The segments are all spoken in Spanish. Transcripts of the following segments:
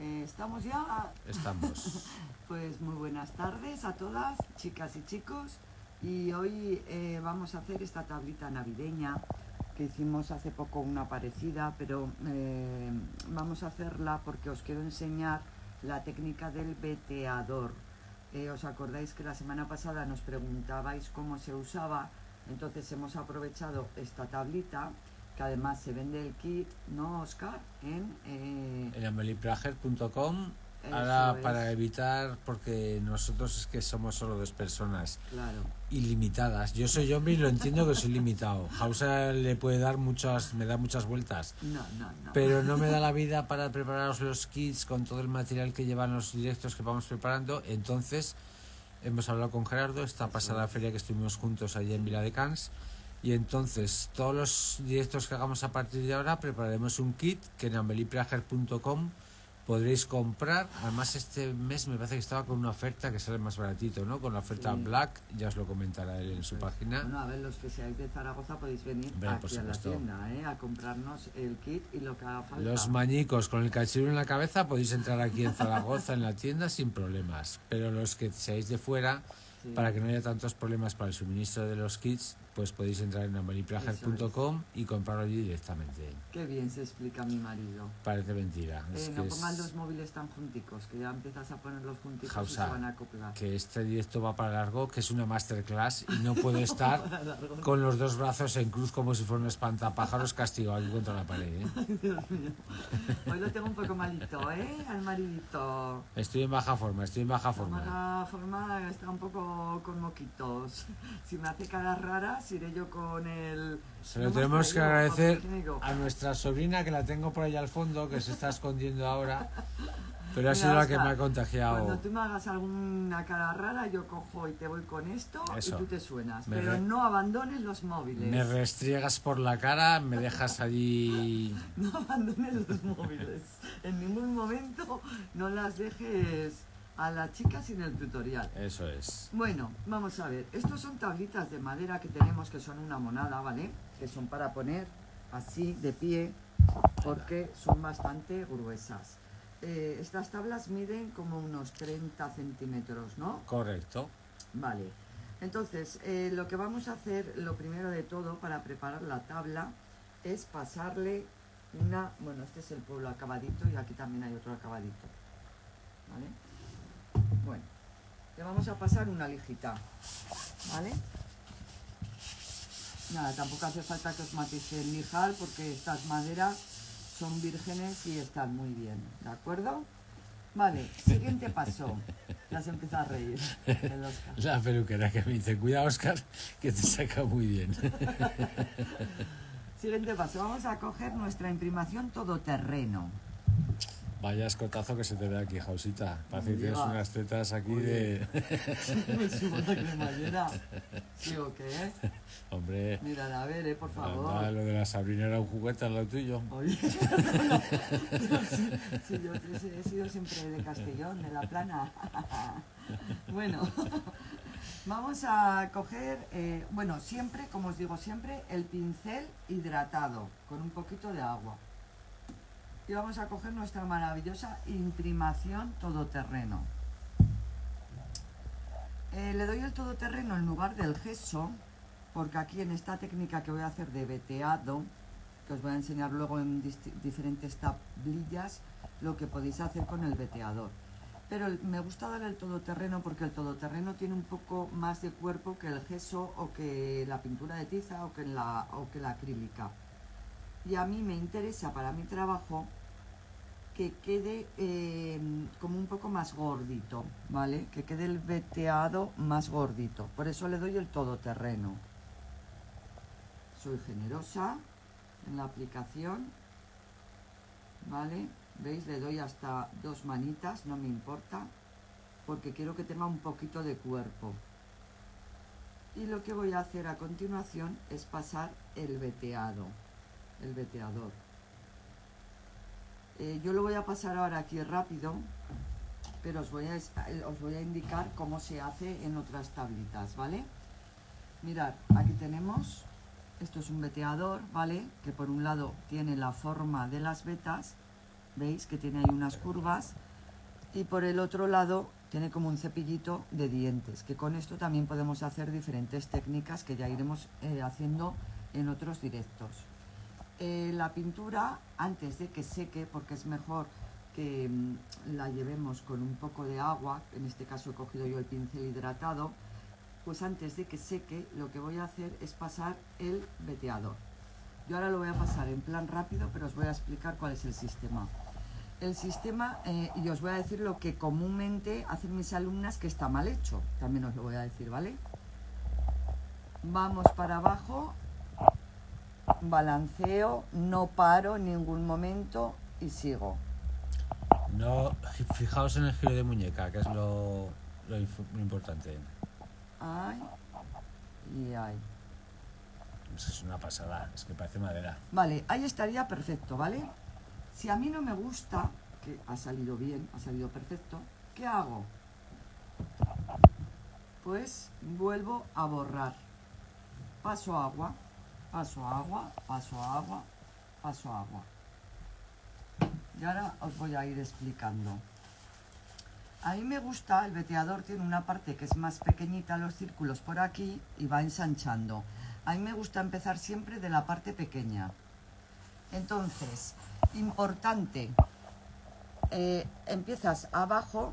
Eh, ¿Estamos ya? Estamos. pues muy buenas tardes a todas, chicas y chicos. Y hoy eh, vamos a hacer esta tablita navideña que hicimos hace poco una parecida, pero eh, vamos a hacerla porque os quiero enseñar la técnica del veteador. ¿Os acordáis que la semana pasada nos preguntabais cómo se usaba? Entonces hemos aprovechado esta tablita que además se vende el kit, ¿no, Oscar? En, eh, Ahora, para evitar, porque nosotros es que somos solo dos personas. Claro. Ilimitadas. Yo soy hombre y lo entiendo que soy limitado. Hausa le puede dar muchas, me da muchas vueltas. No, no, no. Pero no me da la vida para prepararos los kits con todo el material que llevan los directos que vamos preparando. Entonces, hemos hablado con Gerardo esta pasada feria que estuvimos juntos allí en Vila de Cans y entonces, todos los directos que hagamos a partir de ahora, prepararemos un kit que en ambeliplager.com podréis comprar. Además, este mes me parece que estaba con una oferta que sale más baratito, ¿no? Con la oferta Black, ya os lo comentará él en su página. a ver, los que seáis de Zaragoza podéis venir aquí a la tienda, ¿eh? A comprarnos el kit y lo que haga falta. Los mañicos con el cachirro en la cabeza podéis entrar aquí en Zaragoza, en la tienda, sin problemas. Pero los que seáis de fuera, para que no haya tantos problemas para el suministro de los kits, pues podéis entrar en ameliplager.com y comprarlo directamente. Qué bien se explica mi marido. Parece mentira. Eh, no que pongan los móviles tan junticos, que ya empiezas a ponerlos junticos y se van a acoplar. Que este directo va para largo, que es una masterclass y no puedo estar con los dos brazos en cruz como si fuera un espantapájaros castigado aquí contra la pared. ¿eh? Dios mío. Hoy lo tengo un poco malito, ¿eh? Al maridito. Estoy en baja forma, estoy en baja forma. En baja forma está un poco con moquitos. Si me hace caras raras iré yo con el... Se lo tenemos que agradecer a nuestra sobrina, que la tengo por ahí al fondo, que se está escondiendo ahora, pero ha sido la que me ha contagiado. Cuando tú me hagas alguna cara rara, yo cojo y te voy con esto y tú te suenas, pero no abandones los móviles. Me restriegas por la cara, me dejas allí... no abandones los móviles, en ningún momento no las dejes a la chica sin el tutorial. Eso es. Bueno, vamos a ver. Estos son tablitas de madera que tenemos que son una monada, ¿vale? Que son para poner así de pie porque son bastante gruesas. Eh, estas tablas miden como unos 30 centímetros, ¿no? Correcto. Vale. Entonces, eh, lo que vamos a hacer, lo primero de todo para preparar la tabla, es pasarle una... Bueno, este es el pueblo acabadito y aquí también hay otro acabadito. ¿Vale? Bueno, le vamos a pasar una lijita, ¿vale? Nada, tampoco hace falta que os matéis el mijal porque estas maderas son vírgenes y están muy bien, ¿de acuerdo? Vale, siguiente paso. Ya se empieza a reír La peluquera que me dice, cuida Oscar, que te saca muy bien. siguiente paso, vamos a coger nuestra imprimación todoterreno. Vaya escotazo que se te ve aquí, Jausita. Parece que tienes unas tetas aquí de. Me subo de cremallera. o qué? Hombre. Mira, a ver, eh, por favor. lo de la Sabrina era un juguete, lo tuyo. Oye, yo he sido siempre de Castellón, de La Plana. Bueno, vamos a coger, eh, bueno, siempre, como os digo siempre, el pincel hidratado con un poquito de agua y vamos a coger nuestra maravillosa imprimación todoterreno. Eh, le doy el todoterreno en lugar del gesso, porque aquí en esta técnica que voy a hacer de veteado, que os voy a enseñar luego en diferentes tablillas, lo que podéis hacer con el veteador. Pero me gusta dar el todoterreno porque el todoterreno tiene un poco más de cuerpo que el gesso o que la pintura de tiza o que la, o que la acrílica y a mí me interesa para mi trabajo que quede em, como un poco más gordito, ¿vale? Que quede el veteado más gordito. Por eso le doy el todoterreno. Soy generosa en la aplicación, ¿vale? ¿Veis? Le doy hasta dos manitas, no me importa, porque quiero que tenga un poquito de cuerpo. Y lo que voy a hacer a continuación es pasar el veteado el veteador. Eh, yo lo voy a pasar ahora aquí rápido, pero eh, os voy, a, indicar cómo se hace en otras tablitas, ¿vale? Mirad, aquí tenemos, esto es un veteador, ¿vale? Que por un lado tiene la forma de las vetas, ¿veis? Que tiene ahí unas curvas, y por el otro lado tiene como un cepillito de dientes, que con esto también podemos hacer diferentes técnicas que ya iremos eh, haciendo en otros directos. Eh, la pintura, antes de que seque, porque es mejor que mm, la llevemos con un poco de agua, en este caso he cogido yo el pincel hidratado, pues antes de que seque lo que voy a hacer es pasar el veteador. Yo ahora lo voy a pasar en plan rápido, pero os voy a explicar cuál es el sistema. El sistema, eh, y os voy a decir lo que comúnmente hacen mis alumnas que está mal hecho, también os lo voy a decir, ¿vale? Vamos para abajo balanceo, no paro en ningún momento y sigo. No, fijaos en el giro de muñeca, que es lo, importante. Ay, y ay. Pues es una pasada, es que parece madera. Vale, ahí estaría perfecto, ¿vale? Si a mí no me gusta, que ha salido bien, ha salido perfecto, ¿qué hago? Pues vuelvo a borrar. Paso agua paso agua, paso agua, paso agua. Y ahora os voy a ir explicando. A mí me gusta, el veteador tiene una parte que es más pequeñita, los círculos por aquí y va ensanchando. A mí me gusta empezar siempre de la parte pequeña. Entonces, importante, eh, empiezas abajo,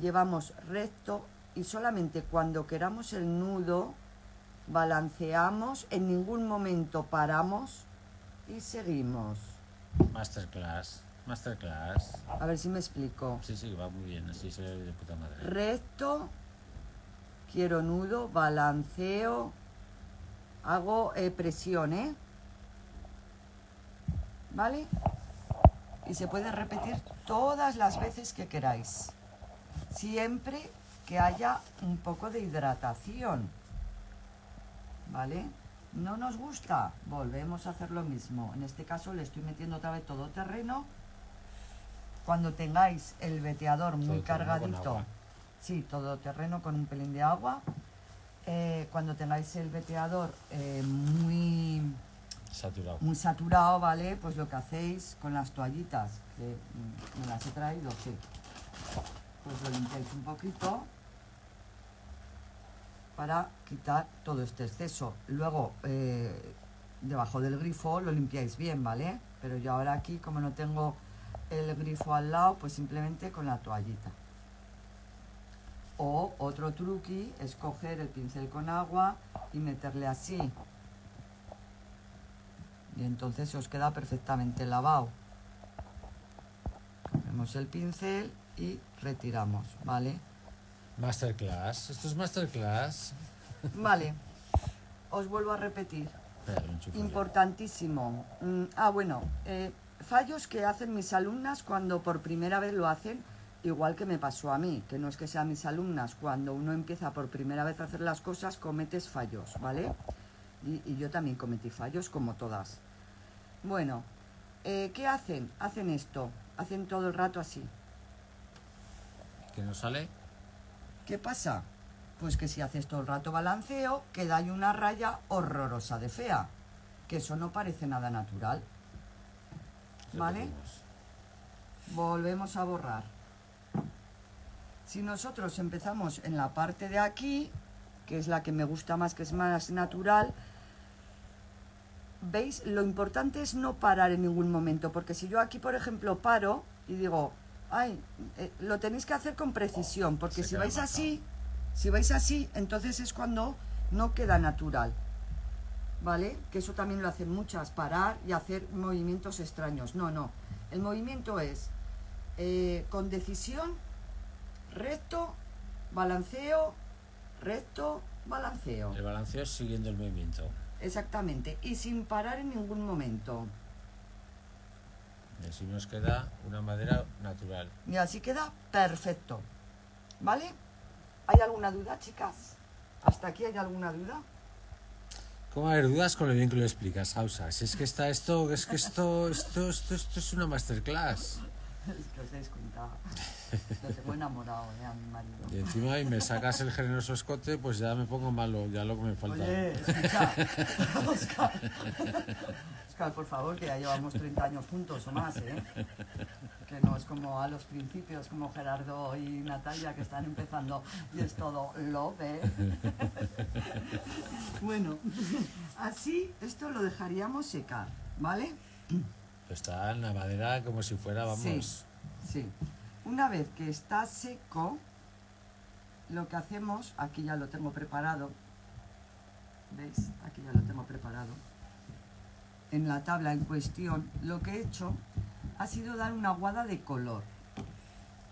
llevamos recto y solamente cuando queramos el nudo balanceamos, en ningún momento paramos y seguimos. Masterclass, masterclass. A ver si me explico. Sí, sí, va muy bien, así se de puta madre. Recto, quiero nudo, balanceo, hago eh, presión, ¿eh? ¿Vale? Y se puede repetir todas las veces que queráis. Siempre que haya un poco de hidratación. ¿vale? No nos gusta, volvemos a hacer lo mismo. En este caso le estoy metiendo otra vez todo terreno. Cuando tengáis el veteador muy cargadito, sí, todo terreno con un pelín de agua. Eh, cuando tengáis el veteador eh, muy saturado. muy saturado, ¿vale? Pues lo que hacéis con las toallitas, que mm, me las he traído, sí. Pues lo limpiáis un poquito para quitar todo este exceso. Luego, eh, debajo del grifo lo limpiáis bien, ¿vale? Pero yo ahora aquí, como no tengo el grifo al lado, pues simplemente con la toallita. O otro truqui es coger el pincel con agua y meterle así. Y entonces os queda perfectamente lavado. Cogemos el pincel y retiramos, ¿vale? Masterclass. Esto es masterclass. Vale. Os vuelvo a repetir. Importantísimo. Mm, ah, bueno. Eh, fallos que hacen mis alumnas cuando por primera vez lo hacen, igual que me pasó a mí, que no es que sean mis alumnas, cuando uno empieza por primera vez a hacer las cosas, cometes fallos, ¿vale? Y, yo también cometí fallos, como todas. Bueno, eh, ¿qué hacen? Hacen esto, hacen todo el rato así. ¿Qué no sale? ¿Qué pasa? Pues que si haces todo el rato balanceo, queda ahí una raya horrorosa de fea, que eso no parece nada natural. ¿Vale? Volvemos a borrar. Si nosotros empezamos en la parte de aquí, que es la que me gusta más, que es más natural, ¿veis? Lo importante es no parar en ningún momento, porque si yo aquí, por ejemplo, paro y digo, ay, eh, lo tenéis que hacer con precisión, oh, porque si vais así, si vais así, entonces es cuando no queda natural. ¿Vale? Que eso también lo hacen muchas, parar y hacer movimientos extraños. No, no. El movimiento es eh, con decisión, recto, balanceo, recto, balanceo. El balanceo es siguiendo el movimiento. Exactamente. Y sin parar en ningún momento. Y así nos queda una madera natural. Y así queda perfecto. ¿Vale? ¿Hay alguna duda, chicas? ¿Hasta aquí hay alguna duda? ¿Cómo haber dudas con lo bien que lo explicas, Hausa? Si es que está esto, es que esto, esto, esto, esto es una masterclass. Es que os enamorado, mi marido. Y encima, y me sacas el generoso escote, pues ya me pongo malo, ya lo que me falta. por favor, que ya llevamos 30 años juntos o más, ¿eh? Que no es como a los principios, como Gerardo y Natalia, que están empezando y es todo lo ve. bueno, así esto lo dejaríamos secar, ¿vale? Está en la madera como si fuera, vamos. sí. Una vez que está seco, lo que hacemos, aquí ya lo tengo preparado, ¿veis? Aquí ya lo tengo preparado en la tabla en cuestión, lo que he hecho ha sido dar una guada de color,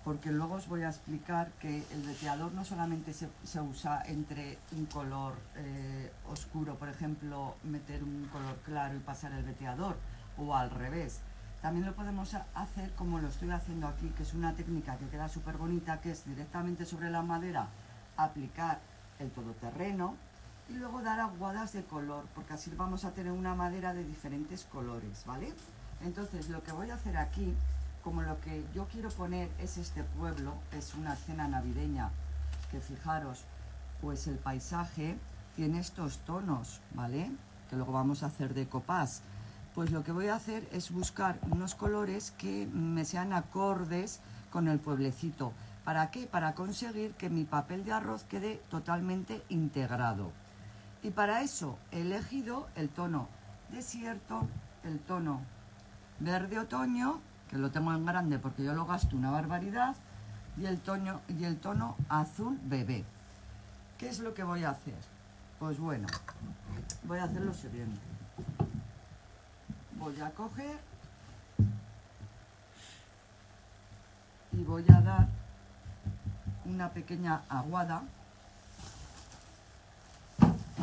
porque luego os voy a explicar que el veteador no solamente se, usa entre un color eh, oscuro, por ejemplo, meter un color claro y pasar el veteador, o al revés. También lo podemos hacer como lo estoy haciendo aquí, que es una técnica que queda súper bonita, que es directamente sobre la madera aplicar el todoterreno, y luego dar aguadas de color, porque así vamos a tener una madera de diferentes colores, ¿vale? Entonces lo que voy a hacer aquí, como lo que yo quiero poner es este pueblo, es una cena navideña, que fijaros, pues el paisaje tiene estos tonos, ¿vale? Que luego vamos a hacer de copas. Pues lo que voy a hacer es buscar unos colores que me sean acordes con el pueblecito. ¿Para qué? Para conseguir que mi papel de arroz quede totalmente integrado. Y para eso he elegido el tono desierto, el tono verde otoño, que lo tengo en grande porque yo lo gasto una barbaridad, y el, tono, y el tono azul bebé. ¿Qué es lo que voy a hacer? Pues bueno, voy a hacer lo siguiente. Voy a coger y voy a dar una pequeña aguada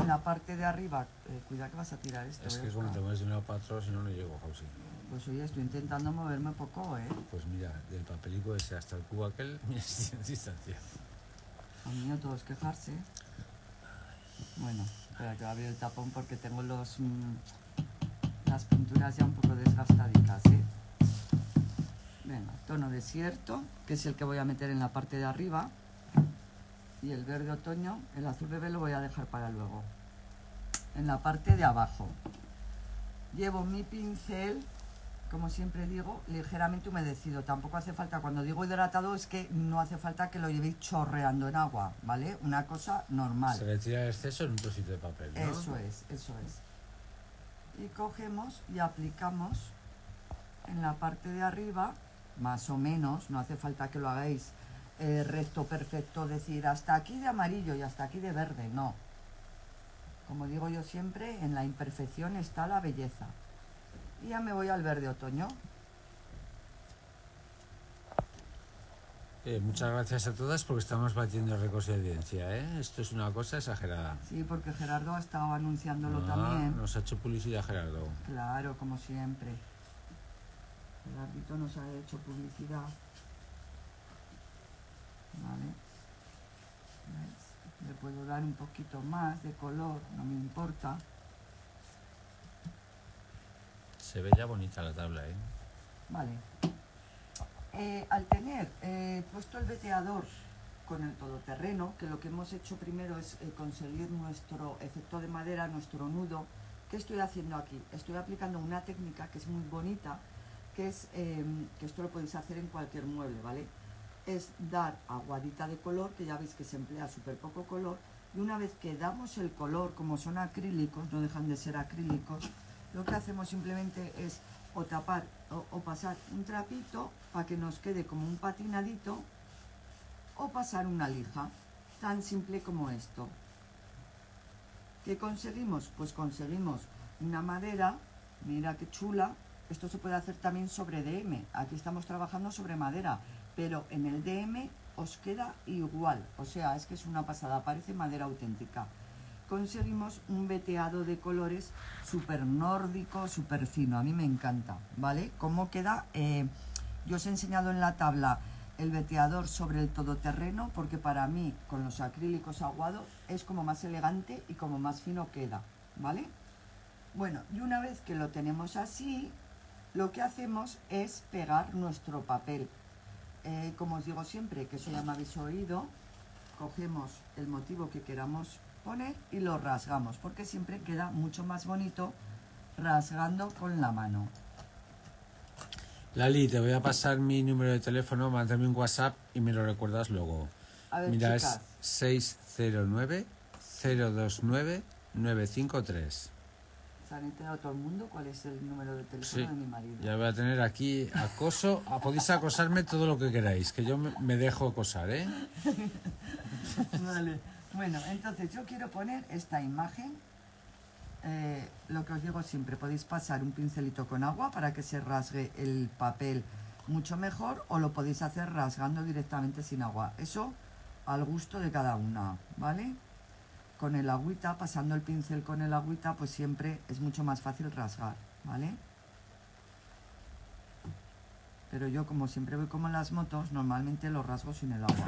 en la parte de arriba, eh, cuidado que vas a tirar esto. Es que eh, es como te mueves de un patrón si no, no llego, Pues oye, estoy intentando moverme un poco, ¿eh? Pues mira, del papelico ese hasta el cubo aquel, mira, distancia. A mí no todos quejarse. Bueno, espera que voy a abrir el tapón porque tengo los, mm, las pinturas ya un poco desgastaditas, ¿eh? Venga, tono desierto, que es el que voy a meter en la parte de arriba y el verde otoño, el azul bebé lo voy a dejar para luego, en la parte de abajo. Llevo mi pincel, como siempre digo, ligeramente humedecido. Tampoco hace falta, cuando digo hidratado, es que no hace falta que lo llevéis chorreando en agua, ¿vale? Una cosa normal. Se retira el exceso en un trocito de papel, ¿no? Eso es, eso es. Y cogemos y aplicamos en la parte de arriba, más o menos, no hace falta que lo hagáis eh, recto perfecto, decir hasta aquí de amarillo y hasta aquí de verde, no. Como digo yo siempre, en la imperfección está la belleza. Y ya me voy al verde otoño. Eh, muchas gracias a todas porque estamos batiendo récords de audiencia. ¿eh? Esto es una cosa exagerada. Sí, porque Gerardo ha estado anunciándolo ah, también. Nos ha hecho publicidad Gerardo. Claro, como siempre. Gerardito nos ha hecho publicidad. Le puedo dar un poquito más de color, no me importa. Se ve ya bonita la tabla, ¿eh? Vale. Eh, al tener eh, puesto el veteador con el todoterreno, que lo que hemos hecho primero es eh, conseguir nuestro efecto de madera, nuestro nudo, ¿qué estoy haciendo aquí? Estoy aplicando una técnica que es muy bonita, que es que esto lo podéis hacer en cualquier mueble, ¿vale? es dar aguadita de color, que ya veis que se emplea súper poco color, y una vez que damos el color, como son acrílicos, no dejan de ser acrílicos, lo que hacemos simplemente es o tapar o, pasar un trapito para que nos quede como un patinadito o pasar una lija, tan simple como esto. ¿Qué conseguimos? Pues conseguimos una madera, mira qué chula, esto se puede hacer también sobre DM, aquí estamos trabajando sobre madera, pero en el DM os queda igual, o sea, es que es una pasada, parece madera auténtica. Conseguimos un veteado de colores súper nórdico, súper fino, a mí me encanta, ¿vale? ¿Cómo queda? Eh, yo os he enseñado en la tabla el veteador sobre el todoterreno porque para mí con los acrílicos aguados es como más elegante y como más fino queda, ¿vale? Bueno, y una vez que lo tenemos así, lo que hacemos es pegar nuestro papel eh, como os digo siempre, que eso ya me habéis oído, cogemos el motivo que queramos poner y lo rasgamos, porque siempre queda mucho más bonito rasgando con la mano. Lali, te voy a pasar mi número de teléfono, mándame un WhatsApp y me lo recuerdas luego. Mira, es 609 029 953 todo el mundo cuál es el número de teléfono de mi marido. Ya voy a tener aquí acoso. Ah, podéis acosarme todo lo que queráis, que yo me dejo acosar, ¿eh? vale. Bueno, entonces yo quiero poner esta imagen. Eh, lo que os digo siempre, podéis pasar un pincelito con agua para que se rasgue el papel mucho mejor o lo podéis hacer rasgando directamente sin agua. Eso al gusto de cada una, ¿vale? con el agüita, pasando el pincel con el agüita, pues siempre es mucho más fácil rasgar, ¿vale? Pero yo, como siempre voy como en las motos, normalmente lo rasgo sin el agua.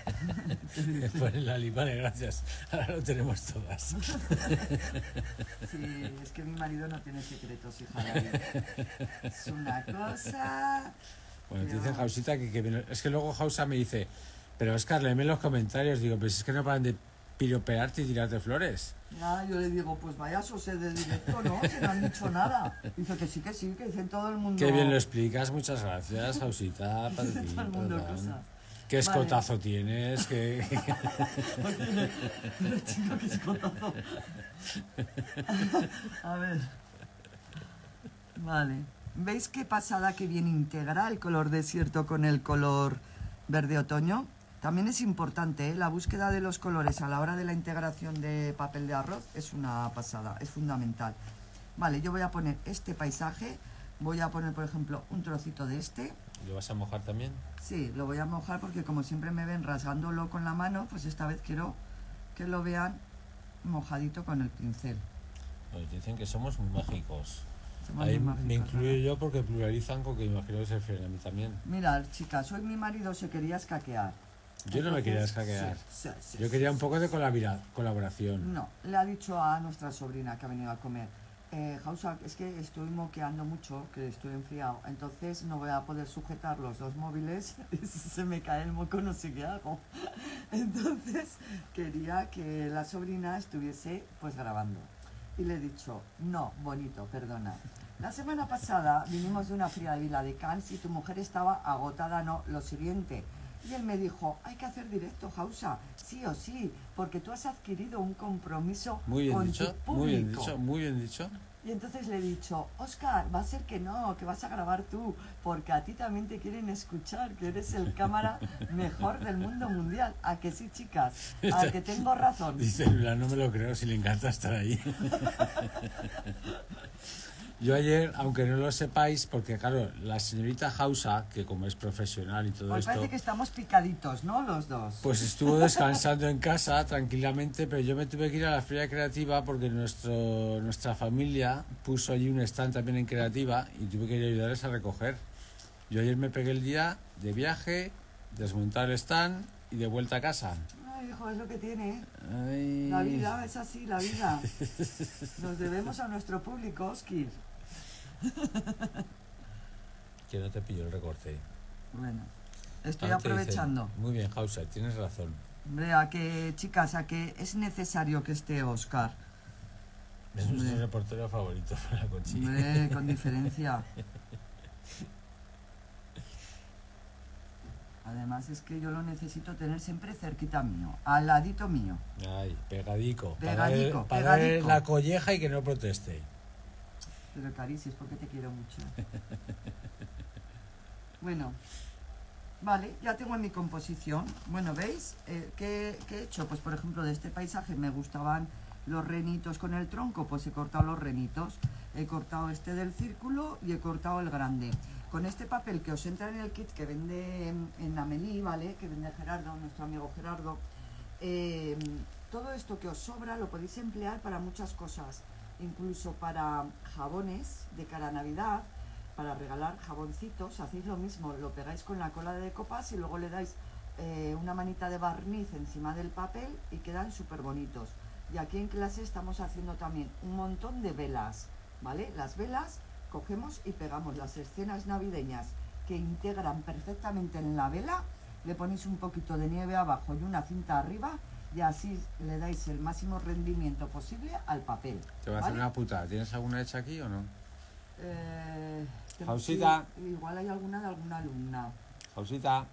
Por el vale gracias. Ahora lo tenemos todas. sí, es que mi marido no tiene secretos, hija. Es una cosa... Bueno, te dice Jausita que, que, es que luego Jausa me dice, pero Oscar, léeme los comentarios. Digo, pues es que no paran de piropearte y tirarte flores. Ya, yo le digo, pues vaya sosé de directo, ¿no? Se no han dicho nada. Dice que sí, que sí, que dicen todo el mundo. Qué bien lo explicas, muchas gracias, Ausita, para todo mundo cosas. ¿Qué escotazo tienes? ¿Qué... chico, qué escotazo. A ver. Vale. ¿Veis qué pasada que bien integra el color desierto con el color verde otoño? También es importante, ¿eh? la búsqueda de los colores a la hora de la integración de papel de arroz es una pasada, es fundamental. Vale, yo voy a poner este paisaje, voy a poner, por ejemplo, un trocito de este. ¿Lo vas a mojar también? Sí, lo voy a mojar porque como siempre me ven rasgándolo con la mano, pues esta vez quiero que lo vean mojadito con el pincel. dicen que somos mágicos. mágicos me incluyo yo porque pluralizan con que imagino que se refieren a mí también. Mira, chicas, hoy mi marido se quería escaquear yo no me quería escaquear. Yo quería un poco de colaboración. No, le ha dicho a nuestra sobrina que ha venido a comer, eh, es que estoy moqueando mucho, que estoy enfriado, entonces no voy a poder sujetar los dos móviles se me cae el moco no sé qué hago. Entonces quería que la sobrina estuviese pues grabando. Y le he dicho, no, bonito, perdona. La semana pasada vinimos de una fría vila de Cannes y tu mujer estaba agotada, no, lo siguiente. Y él me dijo, hay que hacer directo, Jausa, sí o sí, porque tú has adquirido un compromiso con tu público. Muy bien dicho, muy bien dicho. Y entonces le he dicho, Oscar, va a ser que no, que vas a grabar tú, porque a ti también te quieren escuchar, que eres el cámara mejor del mundo mundial. A que sí, chicas, a que tengo razón. Dice, no me lo creo, si le encanta estar ahí. Yo ayer, aunque no lo sepáis, porque claro, la señorita Hausa, que como es profesional y todo pues esto... parece que estamos picaditos, ¿no? Los dos. Pues estuvo descansando en casa tranquilamente, pero yo me tuve que ir a la feria creativa porque nuestro, nuestra familia puso allí un stand también en creativa y tuve que ir a ayudarles a recoger. Yo ayer me pegué el día de viaje, desmontar el stand y de vuelta a casa hijo, es lo que tiene. ¿eh? La vida es así, la vida. Nos debemos a nuestro público, Oskir. que no te pillo el recorte. Bueno, estoy aprovechando. muy bien, Hauser, tienes razón. Hombre, a que, chicas, a que es necesario que esté Oscar. Es reportero favorito para Hombre, con diferencia. Además es que yo lo necesito tener siempre cerquita mío, al ladito mío. Ay, pegadico. Pegadico, para pegadico. la colleja y que no proteste pero es porque te quiero mucho. Bueno, vale, ya tengo mi composición. Bueno, ¿veis? Eh, ¿qué, he hecho? Pues por ejemplo, de este paisaje me gustaban los renitos con el tronco, pues he cortado los renitos. He cortado este del círculo y he cortado el grande. Con este papel que os entra en el kit que vende en Amelie, ¿vale? Que vende Gerardo, nuestro amigo Gerardo. Eh, todo esto que os sobra lo podéis emplear para muchas cosas incluso para jabones de cara a Navidad, para regalar jaboncitos, hacéis lo mismo, lo pegáis con la cola de copas y luego le dais eh, una manita de barniz encima del papel y quedan súper bonitos. Y aquí en clase estamos haciendo también un montón de velas, ¿vale? Las velas cogemos y pegamos las escenas navideñas que integran perfectamente en la vela, le ponéis un poquito de nieve abajo y una cinta arriba y así le dais el máximo rendimiento posible al papel. Te voy a hacer una putada. ¿Tienes alguna hecha aquí o no? Eh, Jausita. igual hay alguna de alguna alumna. Jausita,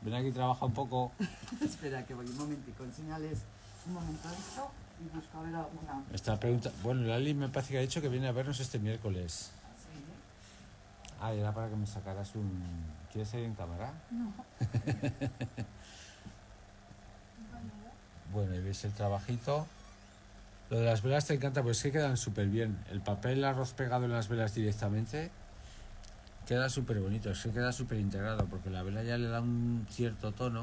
ven aquí y trabaja un poco. Espera, que voy un momento con señales un momento esto y busco a ver alguna. Esta pregunta. Bueno, Lali me parece que ha dicho que viene a vernos este miércoles. Ah, ah era para que me sacaras un. ¿Quieres ir en cámara? No. Bueno, y veis el trabajito. Lo de las velas te encanta, pues es que quedan súper bien. El papel arroz pegado en las velas directamente queda súper bonito, es que queda súper integrado, porque la vela ya le da un cierto tono.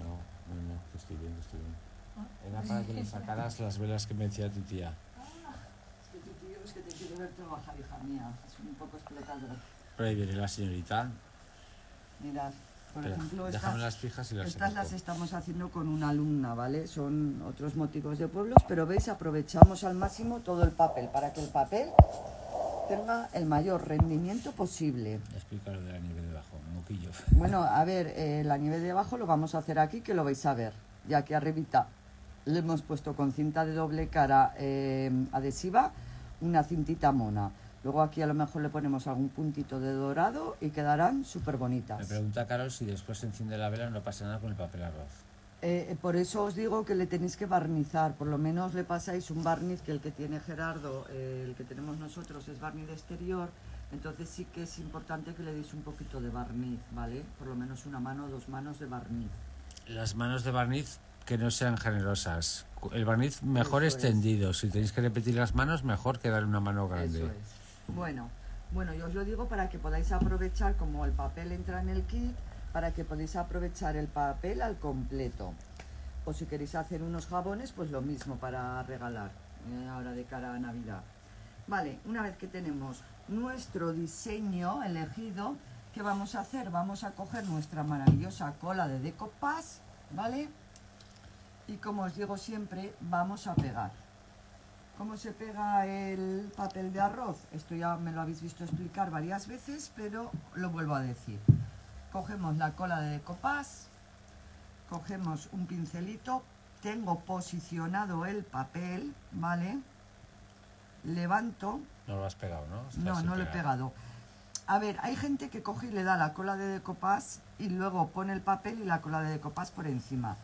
No, no, no, estoy bien, estoy bien. Ah. Era para que me sacaras las velas que me decía tu tía. Ah, es que tu tío es que te quiero ver trabajar, hija mía. Es un poco explotador. Pero ahí viene la señorita. Mirad. Por ejemplo, estas, las fijas las estamos haciendo con una alumna, ¿vale? Son otros motivos de pueblos, pero veis, aprovechamos al máximo todo el papel para que el papel tenga el mayor rendimiento posible. de la nieve de abajo, moquillo. Bueno, a ver, eh, la nieve de abajo lo vamos a hacer aquí, que lo vais a ver, ya que arribita le hemos puesto con cinta de doble cara eh, adhesiva una cintita mona. Luego aquí a lo mejor le ponemos algún puntito de dorado y quedarán súper bonitas. Me pregunta Carol si después se enciende la vela no pasa nada con el papel arroz. Eh, eh, por eso os digo que le tenéis que barnizar, por lo menos le pasáis un barniz que el que tiene Gerardo, eh, el que tenemos nosotros es barniz exterior, entonces sí que es importante que le deis un poquito de barniz, ¿vale? Por lo menos una mano o dos manos de barniz. Las manos de barniz que no sean generosas. El barniz mejor extendido, si tenéis que repetir las manos, mejor que dar una mano grande. Eso es. Bueno, bueno, yo os lo digo para que podáis aprovechar, como el papel entra en el kit, para que podáis aprovechar el papel al completo. O si queréis hacer unos jabones, pues lo mismo para regalar eh, ahora de cara a Navidad. Vale, una vez que tenemos nuestro diseño elegido, ¿qué vamos a hacer? Vamos a coger nuestra maravillosa cola de decopas, ¿vale? Y como os digo siempre, vamos a pegar. ¿Cómo se pega el papel de arroz? Esto ya me lo habéis visto explicar varias veces, pero lo vuelvo a decir. Cogemos la cola de copas, cogemos un pincelito, tengo posicionado el papel, ¿vale? Levanto. No lo has pegado, ¿no? no, no lo he pegado. A ver, hay gente que coge y le da la cola de decopás y luego pone el papel y la cola de decopás por encima.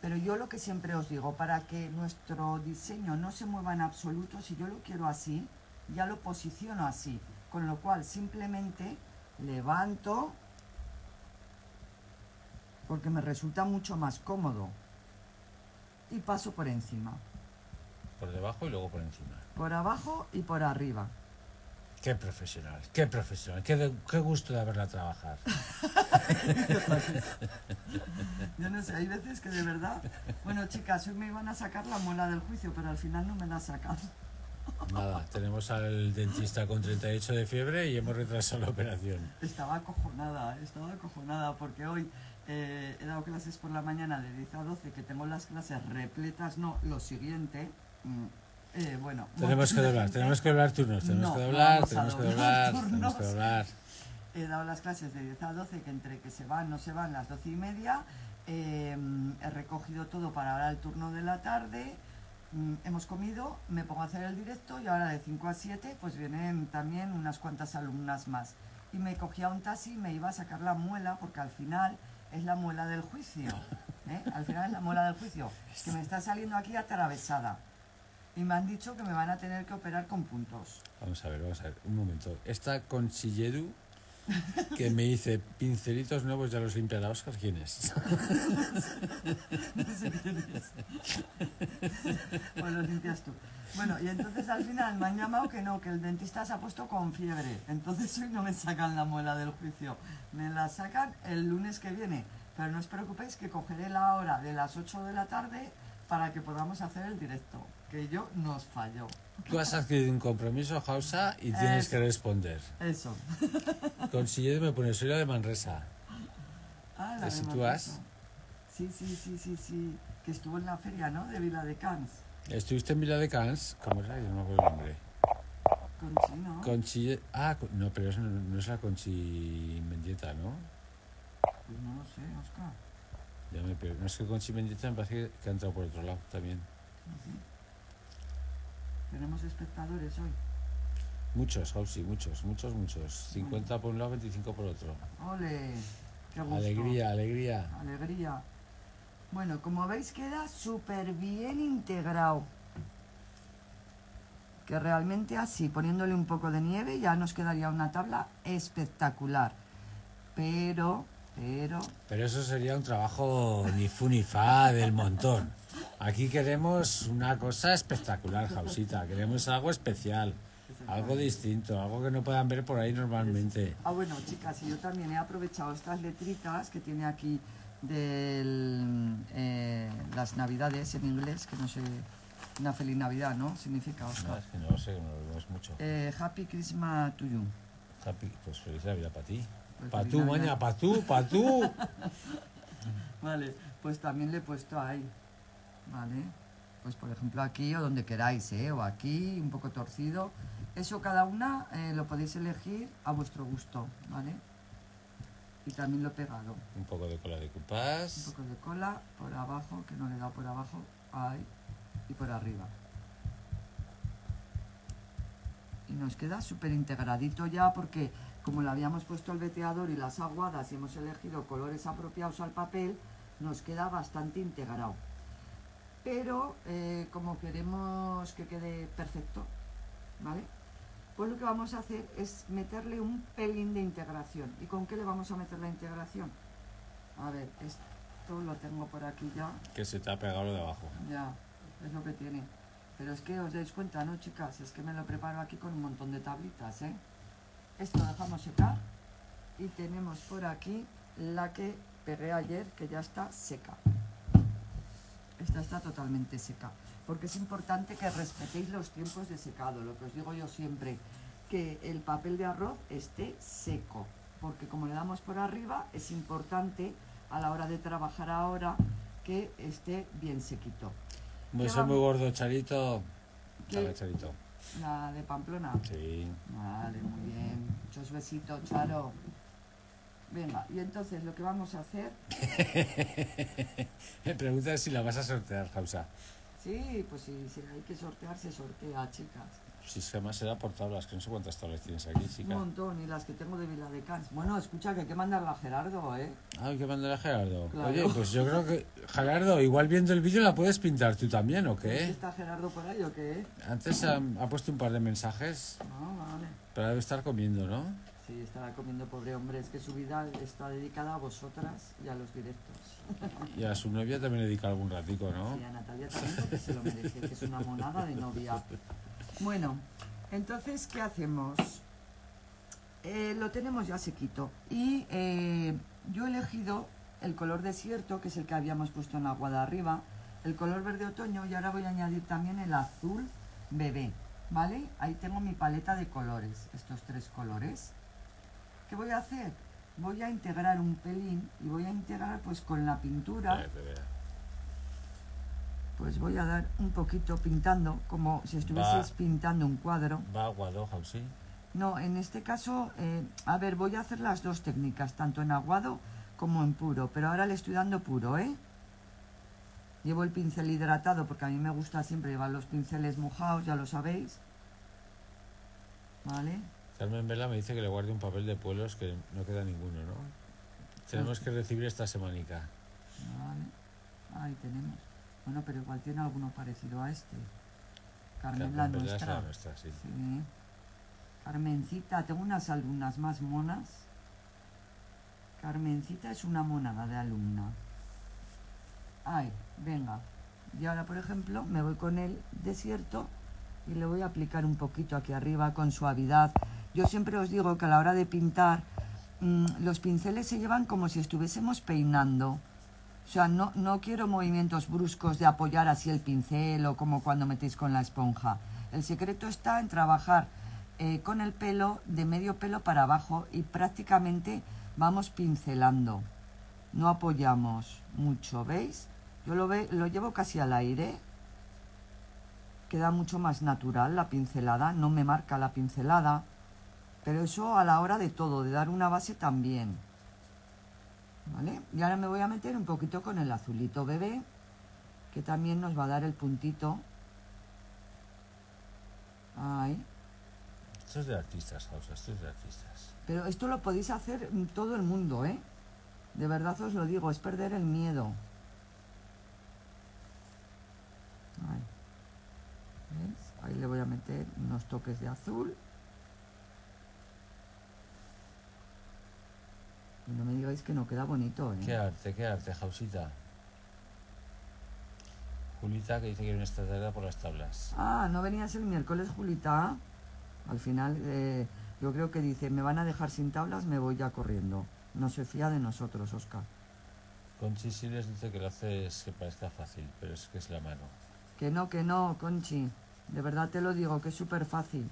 Pero yo lo que siempre os digo, para que nuestro diseño no se mueva en absoluto, si yo lo quiero así, ya lo posiciono así. Con lo cual simplemente levanto, porque me resulta mucho más cómodo. Y paso por encima. Por debajo y luego por encima. Por abajo y por arriba. Qué profesional, qué profesional, qué, qué gusto de haberla trabajar. Yo no sé, hay veces que de verdad. Bueno, chicas, hoy me iban a sacar la muela del juicio, pero al final no me la sacaron. Nada, tenemos al dentista con 38 de fiebre y hemos retrasado la operación. Estaba acojonada, estaba acojonada porque hoy eh, he dado clases por la mañana de 10 a 12, que tengo las clases repletas, no, lo siguiente. Mm, eh, tenemos que doblar, tenemos que doblar turnos, tenemos que doblar, tenemos que He dado las clases de 10 a 12, que entre que se van, no se van, las 12 y media. Eh, he recogido todo para ahora el turno de la tarde. Mm, hemos comido, me pongo a hacer el directo y ahora de 5 a 7 pues vienen también unas cuantas alumnas más. Y me cogía un taxi y me iba a sacar la muela porque al final es la muela del juicio. ¿eh? Al final es la muela del juicio. Que me está saliendo aquí atravesada y me han dicho que me van a tener que operar con puntos. Vamos a ver, vamos a ver, un momento. Esta consilleru que me dice pincelitos nuevos ya los limpiará Oscar, ¿quién es? no sé quién es. Pues los limpias tú. Bueno, y entonces al final me han llamado que no, que el dentista se ha puesto con fiebre. Entonces hoy no me sacan la muela del juicio. Me la sacan el lunes que viene. Pero no os preocupéis que cogeré la hora de las 8 de la tarde para que podamos hacer el directo que yo nos falló. Tú has adquirido un compromiso, Hausa, y tienes que responder. Eso. de me pone, soy la de Manresa. Ah, la ¿Te Sí, sí, sí, sí, sí. Que estuvo en la feria, ¿no? De Vila de Cans. ¿Estuviste en Vila de Cans? ¿Cómo era? Yo no me acuerdo el nombre. Conchi, ¿no? Ah, no, pero eso no, es la Conchimendieta, ¿no? Pues no lo sé, Oscar. Ya me No es que Conchimendieta, Mendieta me parece que ha entrado por otro lado también. Tenemos espectadores hoy. Muchos, sí, muchos, muchos, muchos. 50 por un lado, 25 por otro. ¡Ole! ¡Qué Alegría, alegría. Alegría. Bueno, como veis queda súper bien integrado. Que realmente así, poniéndole un poco de nieve, ya nos quedaría una tabla espectacular. Pero, pero... Pero eso sería un trabajo ni fu ni fa del montón. Aquí queremos una cosa espectacular, Jausita. Queremos algo especial, algo distinto, algo que no puedan ver por ahí normalmente. Ah, bueno, chicas, yo también he aprovechado estas letritas que tiene aquí de eh, las navidades en inglés, que no sé, una feliz navidad, ¿no? Significa, Oscar. No, es que no lo sé, no lo vemos mucho. Eh, happy Christmas to you. Happy, pues feliz Navidad para ti. Pues para tú, mañana, para tú, para tú. vale, pues también le he puesto ahí. Pues por ejemplo aquí o donde queráis, ¿eh? O aquí, un poco torcido. Eso cada una eh, lo podéis elegir a vuestro gusto, ¿vale? Y también lo he pegado. Un poco de cola de cupás. Un poco de cola por abajo, que no le he dado por abajo. Ahí. Y por arriba. Y nos queda súper integradito ya porque como le habíamos puesto el veteador y las aguadas y hemos elegido colores apropiados al papel, nos queda bastante integrado pero eh, como queremos que quede perfecto, ¿vale? Pues lo que vamos a hacer es meterle un pelín de integración. ¿Y con qué le vamos a meter la integración? A ver, esto lo tengo por aquí ya. Que se te ha pegado lo de abajo. Ya, es lo que tiene. Pero es que os dais cuenta, ¿no, chicas? Es que me lo preparo aquí con un montón de tablitas, ¿eh? Esto lo dejamos secar y tenemos por aquí la que pegué ayer, que ya está seca esta está totalmente seca, porque es importante que respetéis los tiempos de secado, lo que os digo yo siempre, que el papel de arroz esté seco, porque como le damos por arriba, es importante a la hora de trabajar ahora que esté bien sequito. Pues soy muy gordo, Charito. Charito. La de Pamplona. Sí. Vale, muy bien. Muchos besitos, Charo. Venga, y entonces lo que vamos a hacer. Me pregunta si la vas a sortear, Jausa. Sí, pues si, si, hay que sortear, se sortea, chicas. Si que será por tablas, que no sé cuántas tablas tienes aquí, chicas. Un montón, y las que tengo de de cans Bueno, escucha, que hay que mandarla a Gerardo, ¿eh? Ah, hay que mandarla a Gerardo. Oye, pues yo creo que... Gerardo, igual viendo el vídeo la puedes pintar tú también, ¿o qué? ¿Está Gerardo por ahí o qué? Antes ha, puesto un par de mensajes. no ah, vale. Pero debe estar comiendo, ¿no? y estará comiendo pobre hombre. Es que su vida está dedicada a vosotras y a los directos. Y a su novia también dedica algún ratico, ¿no? Sí, a Natalia también porque se lo merece, que es una monada de novia. Bueno, entonces, ¿qué hacemos? Eh, lo tenemos ya sequito. Y eh, yo he elegido el color desierto, que es el que habíamos puesto en la agua de arriba, el color verde otoño y ahora voy a añadir también el azul bebé, ¿vale? Ahí tengo mi paleta de colores, estos tres colores. ¿Qué voy a hacer? Voy a integrar un pelín y voy a integrar pues con la pintura. Pues voy a dar un poquito pintando, como si estuvieses pintando un cuadro. Va aguado, sí. No, en este caso, eh, a ver, voy a hacer las dos técnicas, tanto en aguado como en puro, pero ahora le estoy dando puro, ¿eh? Llevo el pincel hidratado porque a mí me gusta siempre llevar los pinceles mojados, ya lo sabéis. ¿Vale? Carmen Vela me dice que le guarde un papel de pueblos que no queda ninguno, ¿no? Tenemos ah. que recibir esta semanica. Ahí tenemos. Bueno, pero igual tiene alguno parecido a este. Carmen, la nuestra. sí. Carmencita, tengo unas alumnas más monas. Carmencita es una monada de alumna. Ay, venga. Y ahora, por ejemplo, me voy con el desierto y le voy a aplicar un poquito aquí arriba con suavidad. Yo siempre os digo que a la hora de pintar mm, los pinceles se llevan como si estuviésemos peinando. O sea, no, no quiero movimientos bruscos de apoyar así el pincel o como cuando metéis con la esponja. El secreto está en trabajar eh, con el pelo de medio pelo para abajo y prácticamente vamos pincelando. No apoyamos mucho, ¿veis? Yo lo, lo llevo casi al aire. Queda mucho más natural la pincelada, no me marca la pincelada. Pero eso a la hora de todo, de dar una base también. ¿Vale? Y ahora me voy a meter un poquito con el azulito bebé, que también nos va a dar el puntito. Ahí. Esto es de artistas, Jausa, esto es de artistas. Pero esto lo podéis hacer todo el mundo, ¿eh? De verdad os lo digo, es perder el miedo. Ahí, Ahí le voy a meter unos toques de azul. No me digáis que no queda bonito, ¿eh? Qué arte, qué arte, Jausita. Julita que dice que viene esta tarde por las tablas. Ah, ¿no venías el miércoles, Julita? Al final, eh, yo creo que dice, me van a dejar sin tablas, me voy ya corriendo. No se fía de nosotros, Oscar. Conchi les dice que lo haces que parezca fácil, pero es que es la mano. Que no, que no, Conchi. De verdad te lo digo, que es súper fácil.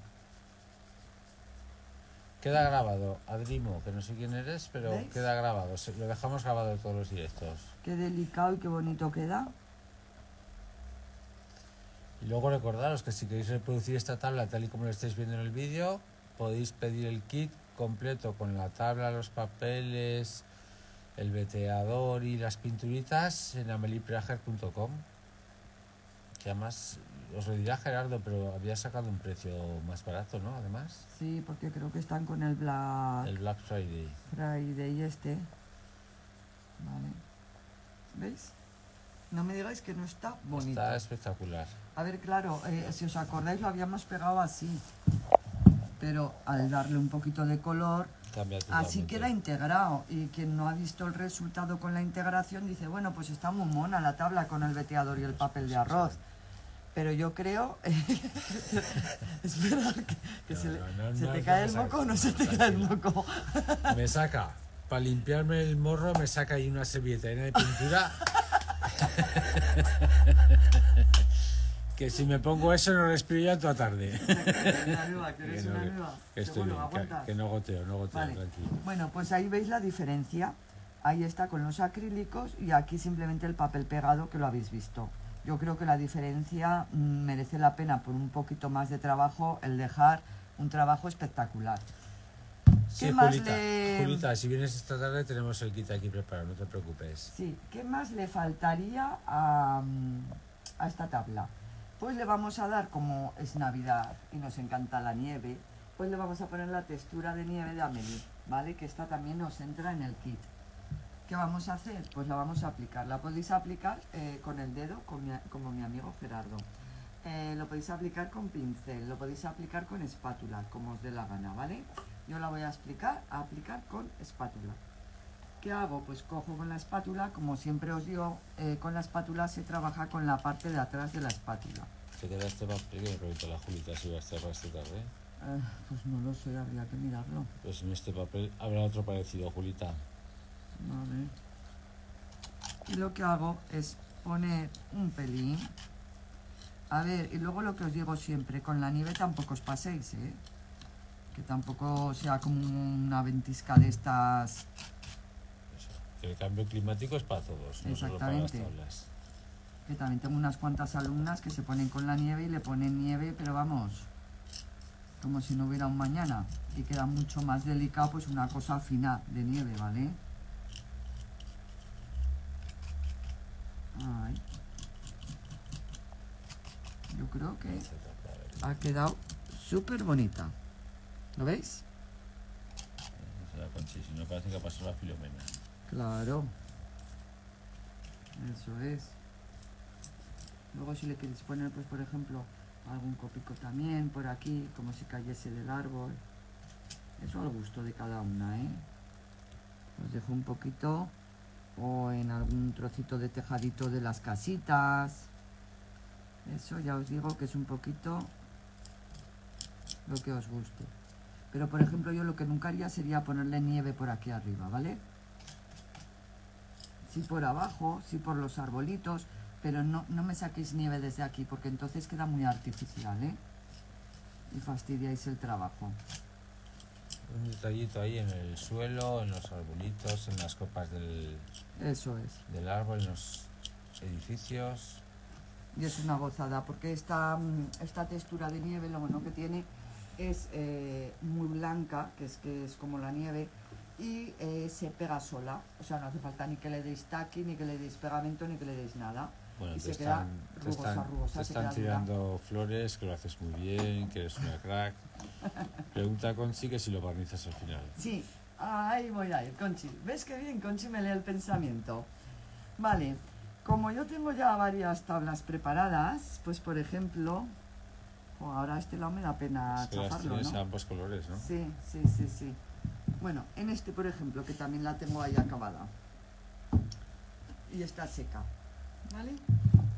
Queda grabado, Adrimo, que no sé quién eres, pero queda grabado. Lo dejamos grabado todos los directos. Qué delicado y qué bonito queda. Y luego recordaros que si queréis reproducir esta tabla tal y como lo estáis viendo en el vídeo, podéis pedir el kit completo con la tabla, los papeles, el veteador y las pinturitas en ameliprager.com. Que además os lo dirá Gerardo, pero había sacado un precio más barato, ¿no? Además. Sí, porque creo que están con el Black... El Black Friday. este. Vale. ¿Veis? No me digáis que no está bonito. Está espectacular. A ver, claro, eh, si os acordáis lo habíamos pegado así. Pero al darle un poquito de color, así queda integrado. Y quien no ha visto el resultado con la integración dice, bueno, pues está muy mona la tabla con el veteador y el pues papel de arroz pero yo creo espera que, que se, le, te cae el moco o no se te cae el moco me saca para limpiarme el morro me saca ahí una servilleta de pintura que si me pongo eso no respiro ya toda tarde que no goteo no goteo tranquilo bueno pues ahí veis la diferencia ahí está con los acrílicos y aquí simplemente el papel pegado que lo habéis visto yo creo que la diferencia mm, merece la pena por un poquito más de trabajo el dejar un trabajo espectacular. ¿Qué más Julita, si vienes esta tarde tenemos el kit aquí preparado, no te preocupes. Sí, ¿qué más le faltaría a, mm, a esta tabla? Pues le vamos a dar, como es Navidad y nos encanta la nieve, pues le vamos a poner la textura de nieve de Amelie, ¿vale? Que esta también nos entra en el kit. ¿Qué vamos a hacer? Pues la vamos a aplicar. La podéis aplicar eh, con el dedo, con como mi amigo Gerardo. Eh, lo podéis aplicar con pincel, lo podéis aplicar con espátula, como os dé la gana, ¿vale? Yo la voy a, explicar, a aplicar con espátula. ¿Qué hago? Pues cojo con la espátula, como siempre os digo, eh, con la espátula se trabaja con la parte de atrás de la espátula. ¿Te quedaste más pequeño, la Julita, si va a cerrar esta tarde? pues no lo sé, habría que mirarlo. Pues en este papel habrá otro parecido, Julita. Y lo que hago es poner un pelín. A ver, y luego lo que os digo siempre, con la nieve tampoco os paséis, ¿eh? Que tampoco sea como una ventisca de estas... Que el cambio climático es para todos, no solo Que también tengo unas cuantas alumnas que se ponen con la nieve y le ponen nieve, pero vamos, como si no hubiera un mañana. Y queda mucho más delicado, pues una cosa fina de nieve, ¿vale? Yo creo que ha quedado súper bonita. ¿Lo veis? si no parece que pasado la filomena. Claro. Eso es. Luego si le quieres poner, pues por ejemplo, algún copico también por aquí, como si cayese del árbol. Eso al gusto de cada una, ¿eh? Os dejo un poquito o en algún trocito de tejadito de las casitas. Eso ya os digo que es un poquito lo que os guste. Pero por ejemplo yo lo que nunca haría sería ponerle nieve por aquí arriba, ¿vale? Sí por abajo, sí por los arbolitos, pero no, no me saquéis nieve desde aquí porque entonces queda muy artificial, ¿eh? Y fastidiáis el trabajo un detallito ahí en el suelo, en los arbolitos, en las copas del, Eso es. árbol, en los edificios. Y es una gozada, porque esta, mm, esta textura de nieve, lo bueno que tiene, es eh, muy blanca, que es, que es como la nieve, y eh, se pega sola. O sea, no hace falta ni que le deis taqui, ni que le deis pegamento, ni que le deis nada. Bueno, te, están, están, tirando flores, que lo haces muy bien, que eres una crack. Pregunta a Conchi que si lo barnizas al final. Sí, ahí voy a ir, Conchi. ¿Ves qué bien? Conchi me lee el pensamiento. Vale, como yo tengo ya varias tablas preparadas, pues por ejemplo, o ahora este lado me da pena es que las ambos colores, ¿no? Sí, sí, sí, sí. Bueno, en este, por ejemplo, que también la tengo ahí acabada. Y está seca. ¿Vale?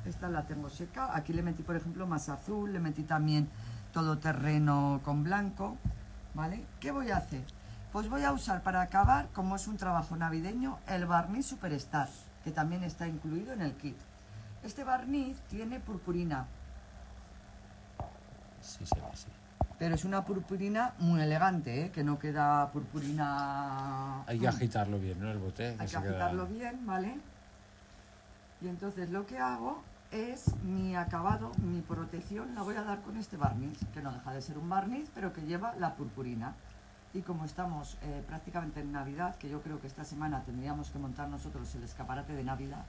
Esta la tengo seca. Aquí le metí, por ejemplo, más azul. Le metí también todo terreno con blanco. ¿Vale? ¿Qué voy a hacer? Pues voy a usar para acabar, como es un trabajo navideño, el barniz Superstar, que también está incluido en el kit. Este barniz tiene purpurina. Sí, se sí, sí. Pero es una purpurina muy elegante, ¿eh? que no queda purpurina... Hay que mm. agitarlo bien, ¿no? El bote. Hay que, agitarlo bien, ¿vale? Y entonces lo que hago es mi acabado, mi protección, la voy a dar con este barniz, que no deja de ser un barniz, pero que lleva la purpurina. Y como estamos eh, prácticamente en Navidad, que yo creo que esta semana tendríamos que montar nosotros el escaparate de Navidad,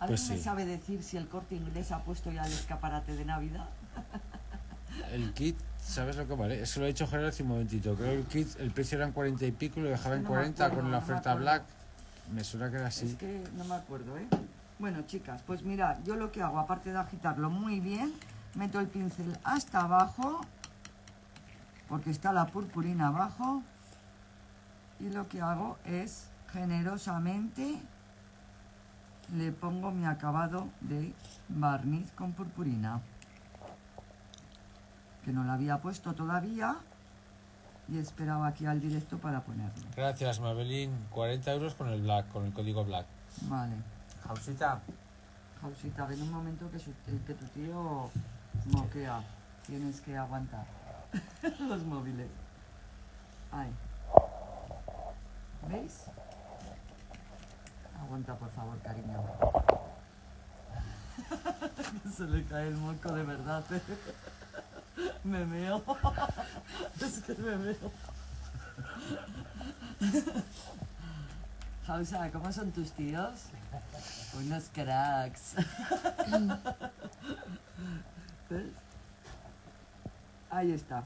¿alguien pues me sabe decir si el corte inglés ha puesto ya el escaparate de Navidad? el kit, ¿sabes lo que vale? Eso lo ha he hecho hace un momentito. Creo que el kit, el precio era en 40 y pico y lo dejaba en 40 con la oferta black. Me suena que era así. que no me acuerdo, ¿eh? Bueno, chicas, pues mirad, yo lo que hago, aparte de agitarlo muy bien, meto el pincel hasta abajo, porque está la purpurina abajo, y lo que hago es generosamente le pongo mi acabado de barniz con purpurina que no la había puesto todavía y esperaba aquí al directo para ponerlo. Gracias, Mabelín. 40 euros con el black, con el código black. Vale. Jausita. Jausita, ven un momento eh, que, tu tío moquea. Tienes que aguantar los móviles. ¡Ay! ¿Veis? Aguanta, por favor, cariño. Se le cae el moco de verdad. ¿eh? Me meo. Es que me veo. Jausa, ¿cómo son tus tíos? Unos cracks. Ahí está.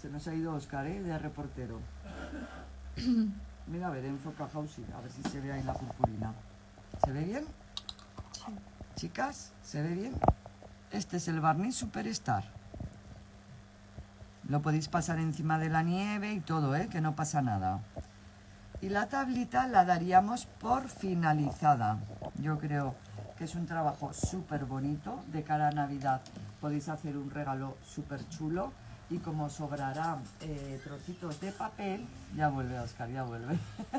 Se nos ha ido Oscar, ¿eh? De reportero. Mira, a ver, enfoca Jausi, a ver si se ve ahí la purpurina. ¿Se ve bien? Sí. Chicas, ¿se ve bien? Este es el barniz Superstar. Lo podéis pasar encima de la nieve y todo, ¿eh? que no pasa nada. Y la tablita la daríamos por finalizada. Yo creo que es un trabajo súper bonito. De cara a Navidad podéis hacer un regalo súper chulo. Y como sobrará eh, trocitos de papel... Ya vuelve, Oscar, ya vuelve.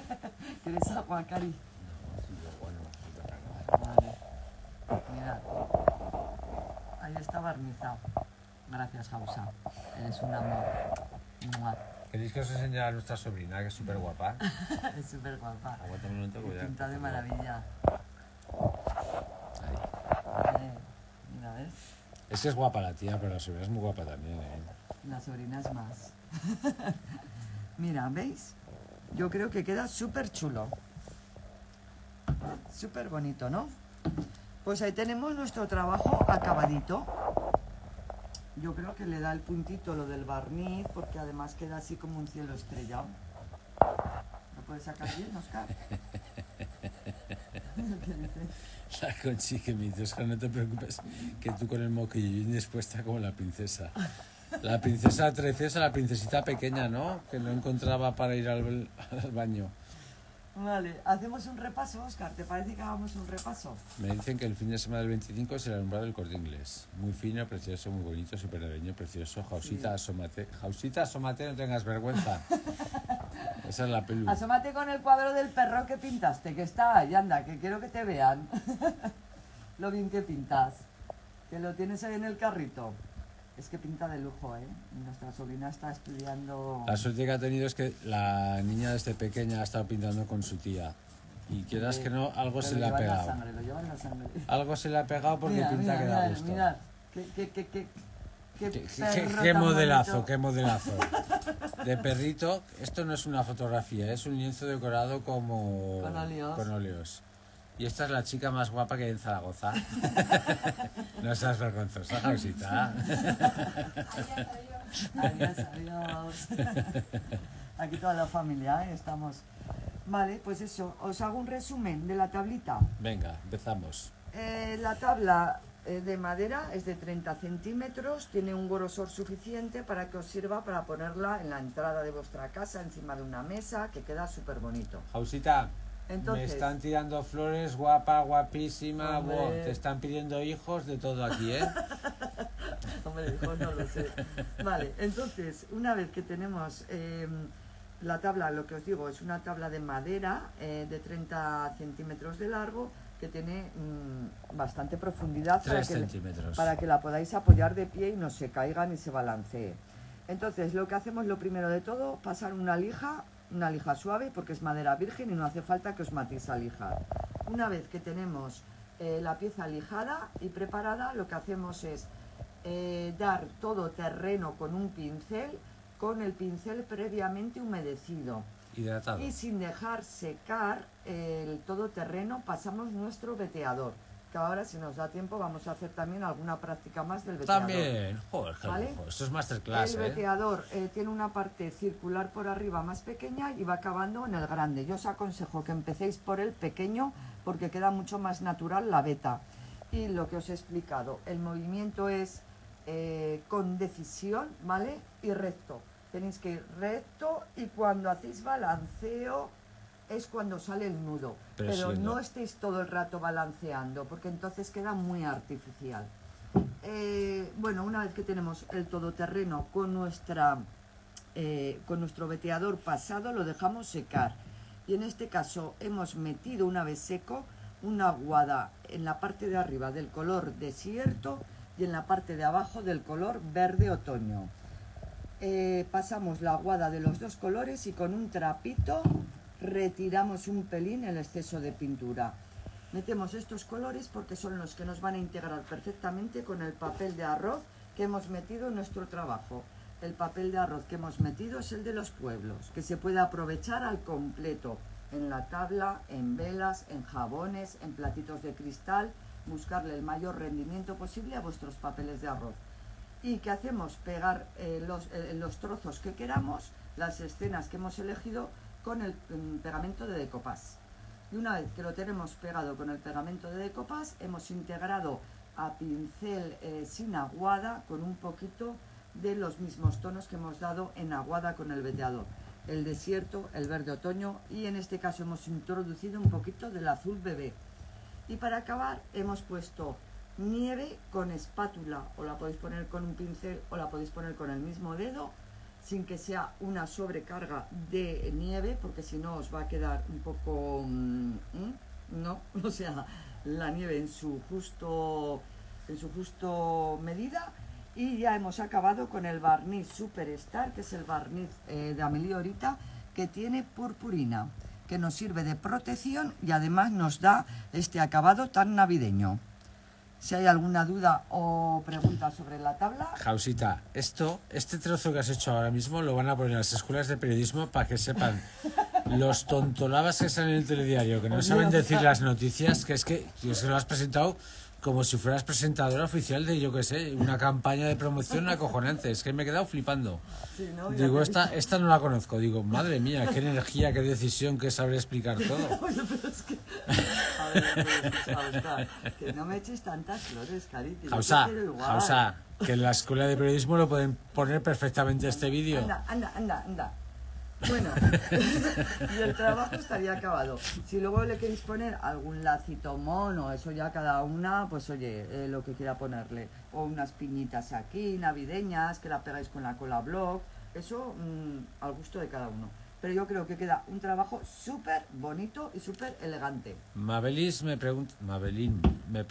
¿Quieres agua, Cari? Mirad. Ahí está barnizado. Gracias, Jausa. Eres un amor. ¿Queréis que os enseñe a nuestra sobrina, que es súper guapa? es súper guapa. Aguanta un momento, cuidado. Pinta de maravilla. Ahí. Eh, mira, Es que es guapa la tía, pero la sobrina es muy guapa también, ¿eh? La sobrina es más. mira, ¿veis? Yo creo que queda súper chulo. Súper bonito, ¿no? Pues ahí tenemos nuestro trabajo acabadito yo creo que le da el puntito lo del barniz, porque además queda así como un cielo estrellado. ¿Lo puedes sacar bien, Oscar? La Conchi no te preocupes, que tú con el moquillo está como la princesa. La princesa trecesa, la princesita pequeña, ¿no? Que no encontraba para ir al baño. Vale, hacemos un repaso, Oscar. ¿Te parece que hagamos un repaso? Me dicen que el fin de semana del 25 es el alumbrado del corte inglés. Muy fino, precioso, muy bonito, súper precioso. Jausita, asómate. Jausita, asómate, no tengas vergüenza. Esa es la peluca. Asómate con el cuadro del perro que pintaste, que está ahí, anda, que quiero que te vean. lo bien que pintas. Que lo tienes ahí en el carrito es que pinta de lujo, ¿eh? Nuestra sobrina está estudiando... La suerte que ha tenido es que la niña desde pequeña ha estado pintando con su tía. Y quieras que no, algo se le ha pegado. algo se le ha pegado porque pinta que da gusto. qué, qué, qué, qué, modelazo, qué modelazo. De perrito, esto no es una fotografía, es un lienzo decorado como... Con óleos. Con óleos. Y esta es la chica más guapa que hay en Zaragoza. no seas vergonzosa, Jausita. Aquí toda la familia, ¿eh? estamos. Vale, pues eso, os hago un resumen de la tablita. Venga, empezamos. Eh, la tabla eh, de madera es de 30 centímetros, tiene un grosor suficiente para que os sirva para ponerla en la entrada de vuestra casa, encima de una mesa, que queda súper bonito. Jausita, me están tirando flores, guapa, guapísima, te están pidiendo hijos de todo aquí, ¿eh? hombre, hijos no lo sé. Vale, entonces, una vez que tenemos em, la tabla, lo que os digo, es una tabla de madera eh, de 30 centímetros de largo que tiene mm, bastante profundidad para que, para que la podáis apoyar de pie y no se caiga ni se balancee. Entonces, lo que hacemos, lo primero de todo, pasar una lija una lija suave porque es madera virgen y no hace falta que os matéis a lijar. Una vez que tenemos eh, la pieza lijada y preparada, lo que hacemos es eh, dar todo terreno con un pincel, con el pincel previamente humedecido. Y sin dejar secar el todo terreno, pasamos nuestro veteador que ahora, si nos da tiempo, vamos a hacer también alguna práctica más del veteador. También, esto es masterclass. El ¿eh? veteador eh, tiene una parte circular por arriba más pequeña y va acabando en el grande. Yo os aconsejo que empecéis por el pequeño porque queda mucho más natural la veta. Y lo que os he explicado, el movimiento es eh, con decisión, ¿vale? Y recto. Tenéis que ir recto y cuando hacéis balanceo es cuando sale el nudo, pero, no estéis todo el rato balanceando, porque entonces queda muy artificial. Eh, bueno, una vez que tenemos el todoterreno con, nuestra, eh, con nuestro veteador pasado, lo dejamos secar. Y en este caso hemos metido una vez seco una aguada en la parte de arriba del color desierto y en la parte de abajo del color verde otoño. Eh, pasamos la aguada de los dos colores y con un trapito retiramos un pelín el exceso de pintura. Metemos estos colores porque son los que nos van a integrar perfectamente con el papel de arroz que hemos metido en nuestro trabajo. El papel de arroz que hemos metido es el de los pueblos, que se puede aprovechar al completo en la tabla, en velas, en jabones, en platitos de cristal, buscarle el mayor rendimiento posible a vuestros papeles de arroz. ¿Y qué hacemos? Pegar eh, eh, los trozos que queramos, las escenas que hemos elegido con el mm, pegamento de decopas. Y una vez que lo tenemos pegado con el pegamento de decopas, hemos integrado a pincel eh, sin aguada con un poquito de los mismos tonos que hemos dado en aguada con el veteado. El desierto, el verde otoño y en este caso hemos introducido un poquito del azul bebé. Y para acabar hemos puesto nieve con espátula o la podéis poner con un pincel o la podéis poner con el mismo dedo sin que sea una sobrecarga de nieve, porque si no os va a quedar un poco... Mm, ¿eh? ¿No? O sea, la nieve en su justo, en su justo medida. Y ya hemos acabado con el barniz Superstar, que es el barniz eh, de ameliorita que tiene purpurina, que nos sirve de protección y además nos da este acabado tan navideño si hay alguna duda o pregunta sobre la tabla. Jausita, esto, este trozo que has hecho ahora mismo lo van a poner en las escuelas de periodismo para que sepan los tontolabas que salen en el telediario, que no saben decir las noticias, que es que, lo has presentado como si fueras presentadora oficial de, yo qué sé, una campaña de promoción acojonante. Es que me he quedado flipando. digo, esta, esta no la conozco. Digo, madre mía, qué energía, qué decisión, qué saber explicar todo. que pues, pues, que no me eches tantas flores, Jausa, Jausa, que en la escuela de periodismo lo pueden poner perfectamente este vídeo. Anda, anda, anda, Bueno, y el trabajo estaría acabado. Si luego le queréis poner algún lacito mono, eso ya cada una, pues oye, eh, lo que quiera ponerle. O unas piñitas aquí, navideñas, que la pegáis con la cola blog. Eso mm, al gusto de cada uno pero yo creo que queda un trabajo súper bonito y súper elegante. Mabelis me pregunta, Mabelín me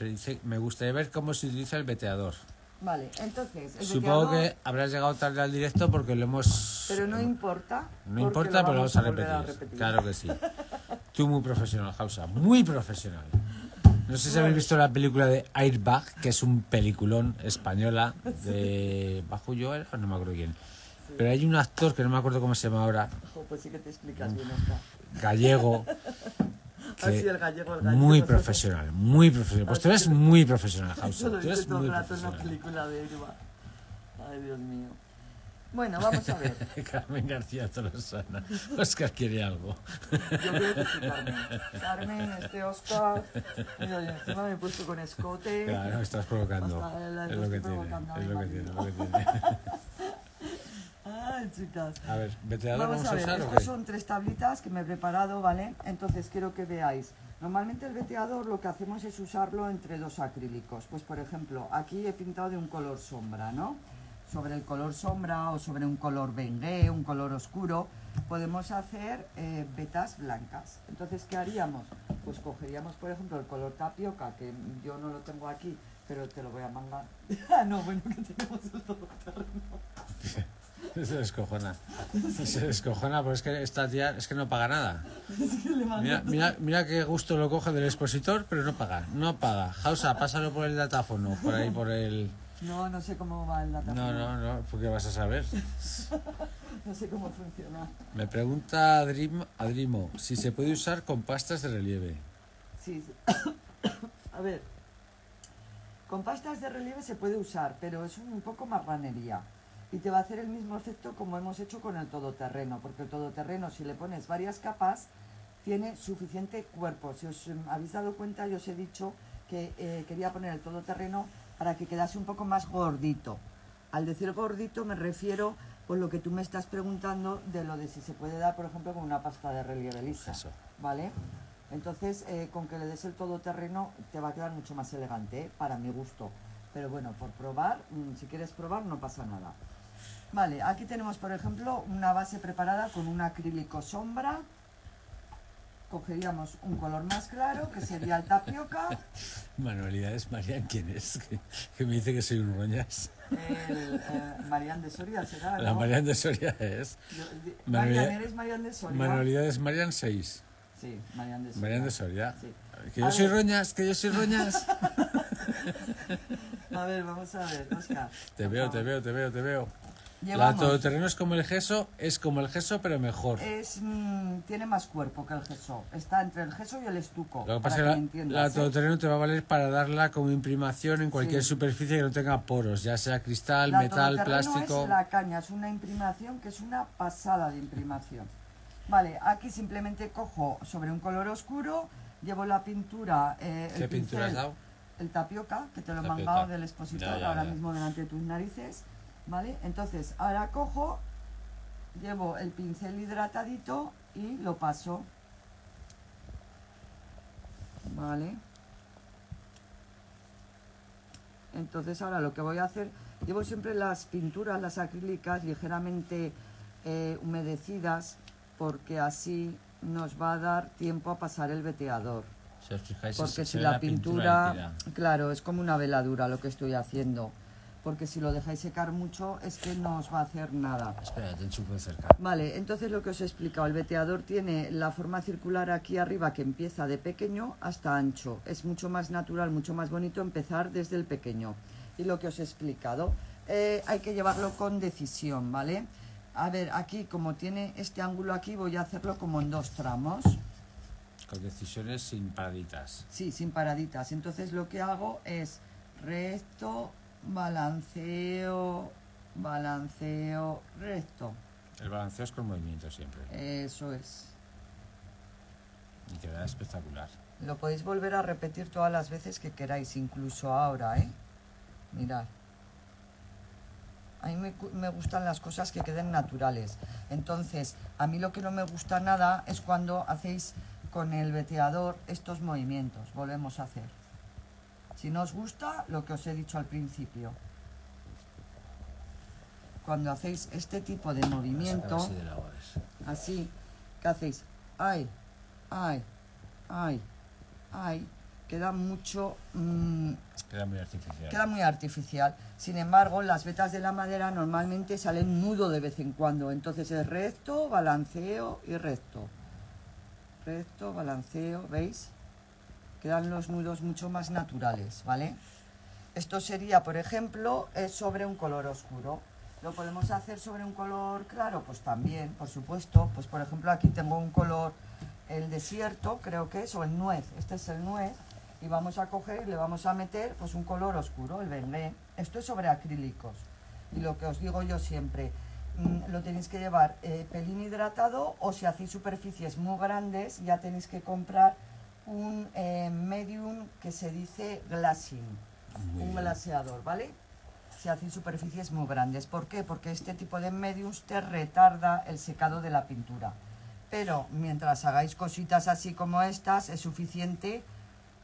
me gustaría ver cómo se utiliza el veteador. Vale, entonces... Supongo que habrás llegado tarde al directo porque lo hemos... Pero no importa. No importa, pero lo vamos a repetir. Claro que sí. Tú muy profesional, Hausa, muy profesional. No sé si habéis visto la película de Airbag, que es un peliculón española de... Bajo yo, no me acuerdo quién pero hay un actor que no me acuerdo cómo se llama ahora. Oh, pues sí que te Gallego. Muy profesional, muy profesional. Pues tú eres ah, muy profesional, Hausa. Tú eres muy profesional. película de Ay, Dios mío. Bueno, vamos a ver. Carmen García Tolosana. Oscar quiere algo. Yo quiero que Carmen. Carmen, este Oscar. Mira, encima me he puesto con escote. Claro, estás provocando. es, lo que es lo que tiene. Es lo que tiene. Ay, chicas. A ver, veteador. vamos, a ver, estos son tres tablitas que me he preparado, ¿vale? Entonces quiero que veáis. Normalmente el veteador lo que hacemos es usarlo entre dos acrílicos. Pues por ejemplo, aquí he pintado de un color sombra, ¿no? Sobre el color sombra o sobre un color bengué, un color oscuro, podemos hacer eh, vetas blancas. Entonces, ¿qué haríamos? Pues cogeríamos, por ejemplo, el color tapioca, que yo no lo tengo aquí, pero te lo voy a mandar. ah, no, bueno, que tenemos el Se descojona. Se descojona, pero es que esta tía es que no paga nada. Mira, mira, qué gusto lo coge del expositor, pero no paga. No paga. Hausa pásalo por el datáfono, por ahí, por el... No, no sé cómo va el datáfono. No, no, no, porque vas a saber. no sé cómo funciona. Me pregunta Adrimo, Adrimo si se puede usar con pastas de relieve. Sí. a ver, con pastas de relieve se puede usar, pero es un poco marranería y te va a hacer el mismo efecto como hemos hecho con el todoterreno, porque el todoterreno si le pones varias capas tiene suficiente cuerpo. Si os em, habéis dado cuenta, yo os he dicho que eh, quería poner el todoterreno para que quedase un poco más gordito. Al decir gordito me refiero con lo que tú me estás preguntando de lo de si se puede dar, por ejemplo, con una pasta de relieve pues lisa, ¿vale? Entonces, eh, con que le des el todoterreno te va a quedar mucho más elegante, ¿eh? para mi gusto. Pero bueno, por probar, mm, si quieres probar no pasa nada. Vale, aquí tenemos, por ejemplo, una base preparada con un acrílico sombra. Cogeríamos un color más claro, que sería el tapioca. Manualidades, Marian, ¿quién es? Que, me dice que soy un roñas. Eh, Marian de Soria será, La Marian de Soria es. Marian, eres Marian de Soria. Manualidades, Marian 6. Sí, Marian de Soria. de Soria. Que yo soy roñas, que yo soy roñas. a ver, vamos a ver, Oscar. Te veo, te veo, te veo, te veo. La todoterreno es como el gesso, es como el gesso, pero mejor. Es, mm, tiene más cuerpo que el gesso. Está entre el gesso y el estuco. que la, ¿eh? todoterreno te va a valer para darla como imprimación en cualquier superficie que no tenga poros, ya sea cristal, metal, plástico. Es la caña es una imprimación que es una pasada de imprimación. Vale, aquí simplemente cojo sobre un color oscuro, llevo la pintura. Eh, ¿Qué el pintura has dado? El tapioca, que te lo he mandado del expositor, ahora mismo delante de tus narices ¿Vale? Entonces, ahora cojo, llevo el pincel hidratadito y lo paso. ¿Vale? Entonces ahora lo que voy a hacer, llevo siempre las pinturas, las acrílicas, ligeramente eh, humedecidas, porque así nos va a dar tiempo a pasar el veteador. porque si la, pintura claro, es como una veladura lo que estoy haciendo porque si lo dejáis secar mucho es que no os va a hacer nada. Espera, te de cerca. Vale, entonces lo que os he explicado, el veteador tiene la forma circular aquí arriba que empieza de pequeño hasta ancho. Es mucho más natural, mucho más bonito empezar desde el pequeño. Y lo que os he explicado, eh, hay que llevarlo con decisión, ¿vale? A ver, aquí como tiene este ángulo aquí voy a hacerlo como en dos tramos. Con decisiones sin paraditas. Sí, sin paraditas. Entonces lo que hago es recto, balanceo, balanceo recto. El balanceo es con movimiento siempre. Eso es. Y queda espectacular. Lo podéis volver a repetir todas las veces que queráis, incluso ahora, ¿eh? Mirad. A mí me, gustan las cosas que queden naturales. Entonces, a mí lo que no me gusta nada es cuando hacéis con el veteador estos movimientos. Volvemos a hacer. Si no os gusta, lo que os he dicho al principio. Cuando hacéis este tipo de movimiento, así, qué hacéis, ay, ay, ay, ay, queda mucho... Mm, queda muy artificial. Queda muy artificial. Sin embargo, las vetas de la madera normalmente salen nudo de vez en cuando. Entonces es recto, balanceo y recto. Recto, balanceo, ¿veis? quedan los nudos mucho más naturales, ¿vale? Esto sería, por ejemplo, eh, sobre un color oscuro. ¿Lo podemos hacer sobre un color claro? Pues también, por supuesto. Pues por ejemplo aquí tengo un color, el desierto, creo que es, o el nuez. Este es el nuez. Y vamos a coger y le vamos a meter pues un color oscuro, el verde. Esto es sobre acrílicos. Y lo que os digo yo siempre, mm, lo tenéis que llevar eh, pelín hidratado o si hacéis superficies muy grandes ya tenéis que comprar un eh, medium que se dice glassing, un glaseador, ¿vale? Se hacen superficies muy grandes. ¿Por qué? Porque este tipo de mediums te retarda el secado de la pintura. Pero mientras hagáis cositas así como estas, es suficiente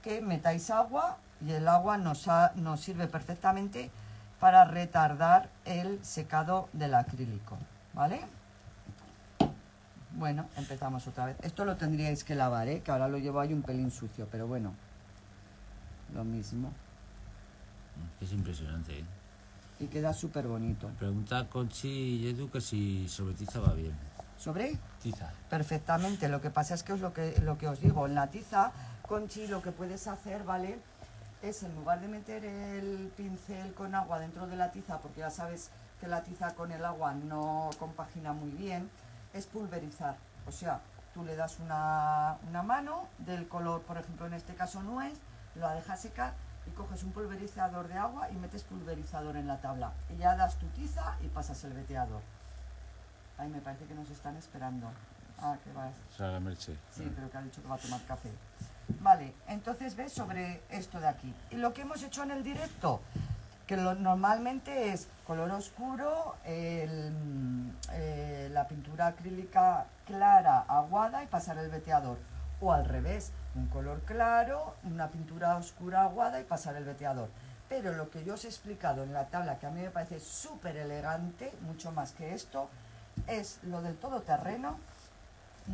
que metáis agua y el agua nos, nos sirve perfectamente para retardar el secado del acrílico, ¿vale? Bueno, empezamos otra vez. Esto lo tendríais que lavar, ¿eh? que ahora lo llevo ahí un pelín sucio, pero bueno, lo mismo. Es impresionante, ¿eh? Y queda súper bonito. Pregunta Conchi y Edu que si sobre tiza va bien. ¿Sobre? Tiza. Perfectamente, lo que pasa es que es lo que, lo que os digo, en la tiza, Conchi, lo que puedes hacer, ¿vale? Es en lugar de meter el pincel con agua dentro de la tiza, porque ya sabes que la tiza con el agua no compagina muy bien, es pulverizar. O sea, tú le das una, mano del color, por ejemplo, en este caso nuez, la dejas secar y coges un pulverizador de agua y metes pulverizador en la tabla. Y ya das tu tiza y pasas el veteador. Ahí me parece que nos están esperando. Ah, que va. Sara Merche. Sí, pero que ha dicho que va a tomar café. Vale, entonces ves sobre esto de aquí. Y lo que hemos hecho en el directo que normalmente es color oscuro, eh, la pintura acrílica clara, aguada y pasar el veteador. O al revés, un color claro, una pintura oscura, aguada y pasar el veteador. Pero lo que yo os he explicado en la tabla, que a mí me parece súper elegante, mucho más que esto, es lo del todoterreno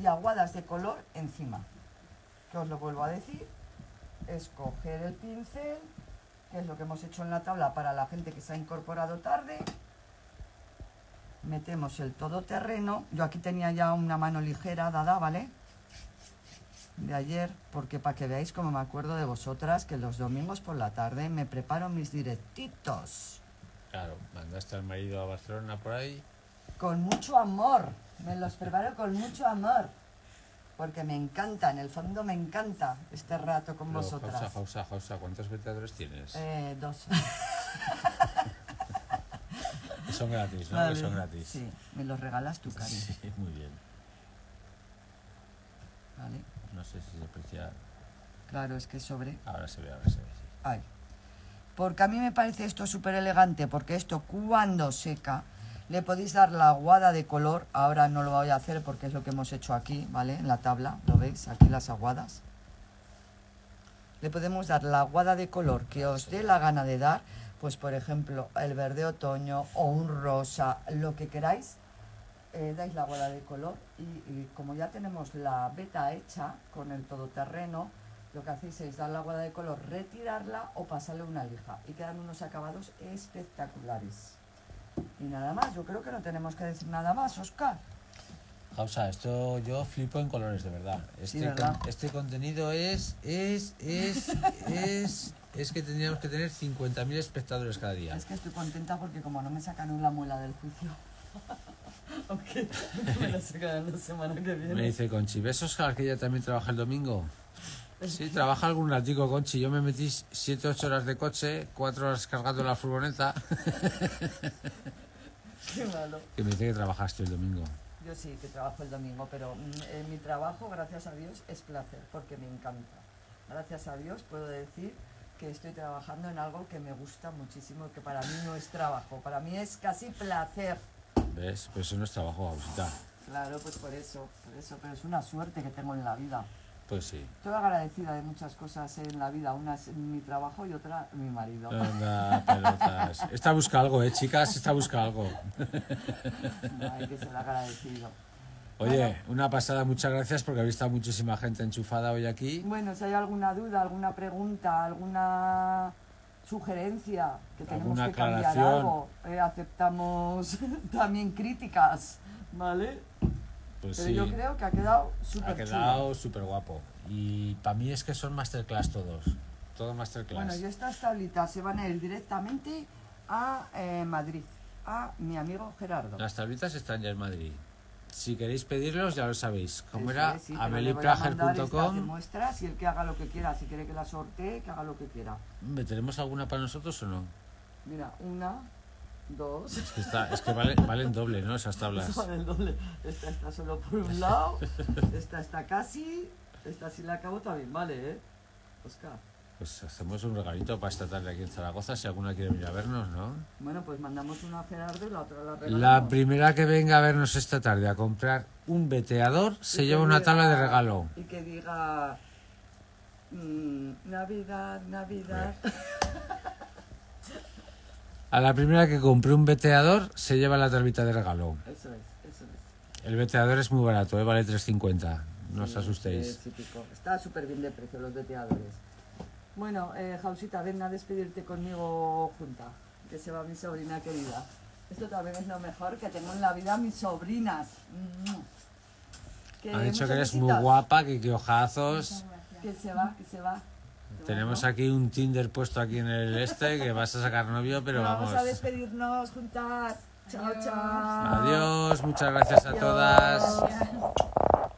y aguadas de color encima. Que os lo vuelvo a decir, escoger el pincel, que es lo que hemos hecho en la tabla para la gente que se ha incorporado tarde. Metemos el todoterreno. Yo aquí tenía ya una mano ligera dada, ¿vale? De ayer, porque para que veáis como me acuerdo de vosotras, que los domingos por la tarde me preparo mis directitos. Claro, mandaste al marido a Barcelona por ahí. Con mucho amor, me los preparo con mucho amor porque me encanta, en el fondo me encanta este rato con vosotras. Jausa, Jausa, Jausa, ¿cuántos espectadores tienes? Eh, dos. son gratis, ¿no? son gratis. Sí, me los regalas tú, Cari. Sí, muy bien. Vale. No sé si se aprecia... Claro, es que sobre... Ahora se ve, ahora se ve, Ay. Porque a mí me parece esto súper elegante, porque esto cuando seca le podéis dar la aguada de color, ahora no lo voy a hacer porque es lo que hemos hecho aquí, ¿vale? En la tabla, ¿lo veis? Aquí las aguadas. Le podemos dar la aguada de color que os dé la gana de dar, pues por ejemplo el verde otoño o un rosa, lo que queráis, eh, dais la aguada de color y, y, como ya tenemos la beta hecha con el todoterreno, lo que hacéis es dar la aguada de color, retirarla o pasarle una lija y quedan unos acabados espectaculares. Y nada más, yo creo que no tenemos que decir nada más, Oscar. Jausa, esto yo flipo en colores, de verdad. Este, este contenido es, es, es, es, es que tendríamos que tener 50.000 espectadores cada día. Es que estoy contenta porque como no me sacan una muela del juicio, aunque me la la semana que viene. Me dice Conchi, ¿ves Oscar que ella también trabaja el domingo? Sí, trabaja algún ratico, Conchi. Yo me metí 7, 8 horas de coche, 4 horas cargando la furgoneta. Qué malo. Que me dice que trabajaste el domingo. Yo sí, que trabajo el domingo, pero mm, eh, mi trabajo, gracias a Dios, es placer, porque me encanta. Gracias a Dios puedo decir que estoy trabajando en algo que me gusta muchísimo, que para mí no es trabajo, para mí es casi placer. ¿Ves? Pues eso no es trabajo, Claro, pues por eso, por eso, pero es una suerte que tengo en la vida. Pues sí. Estoy agradecida de muchas cosas eh, en la vida. Una es mi trabajo y otra mi marido. Esta busca algo, ¿eh, chicas? Esta busca algo. hay que ser agradecido. Oye, una pasada, muchas gracias porque habéis visto muchísima gente enchufada hoy aquí. Bueno, si hay alguna duda, alguna pregunta, alguna sugerencia que tenemos que cambiar algo, eh, aceptamos también críticas, ¿vale? Pues Pero yo creo que ha quedado súper Ha quedado súper guapo. Y para mí es que son masterclass todos. Todo masterclass. Bueno, y estas tablitas se van a ir directamente a eh, Madrid, a mi amigo Gerardo. Las tablitas están ya en Madrid. Si queréis pedirlos, ya lo sabéis. Como era, sí, muestras y el que haga lo que quiera. Si quiere que la sortee, que haga lo que quiera. ¿Tenemos alguna para nosotros o no? Mira, una, dos. Es que, está, es vale, valen doble, ¿no? Esas tablas. Valen doble. Esta está solo por un lado, esta está casi, esta si la acabo también vale, ¿eh? Oscar. Pues hacemos un regalito para esta tarde aquí en Zaragoza, si alguna quiere venir a vernos, ¿no? Bueno, pues mandamos una a Gerardo y la otra a la regalamos. La primera que venga a vernos esta tarde a comprar un veteador se lleva una tabla de regalo. Y que diga... Mm, Navidad, Navidad. A la primera que compré un veteador se lleva la tarjeta de regalo. Eso es, eso es. El veteador es muy barato, ¿eh? vale 3,50. No os asustéis. Está súper bien de precio los veteadores. Bueno, eh, Jausita, ven a despedirte conmigo junta, que se va mi sobrina querida. Esto también es lo mejor que tengo en la vida mis sobrinas. Mm. Ha dicho que eres muy guapa, que, que ojazos. Que se va, que se va. Tenemos aquí un Tinder puesto aquí en el este que vas a sacar novio, pero vamos. Vamos a despedirnos juntas. Chao, chao. Adiós, muchas gracias a todas.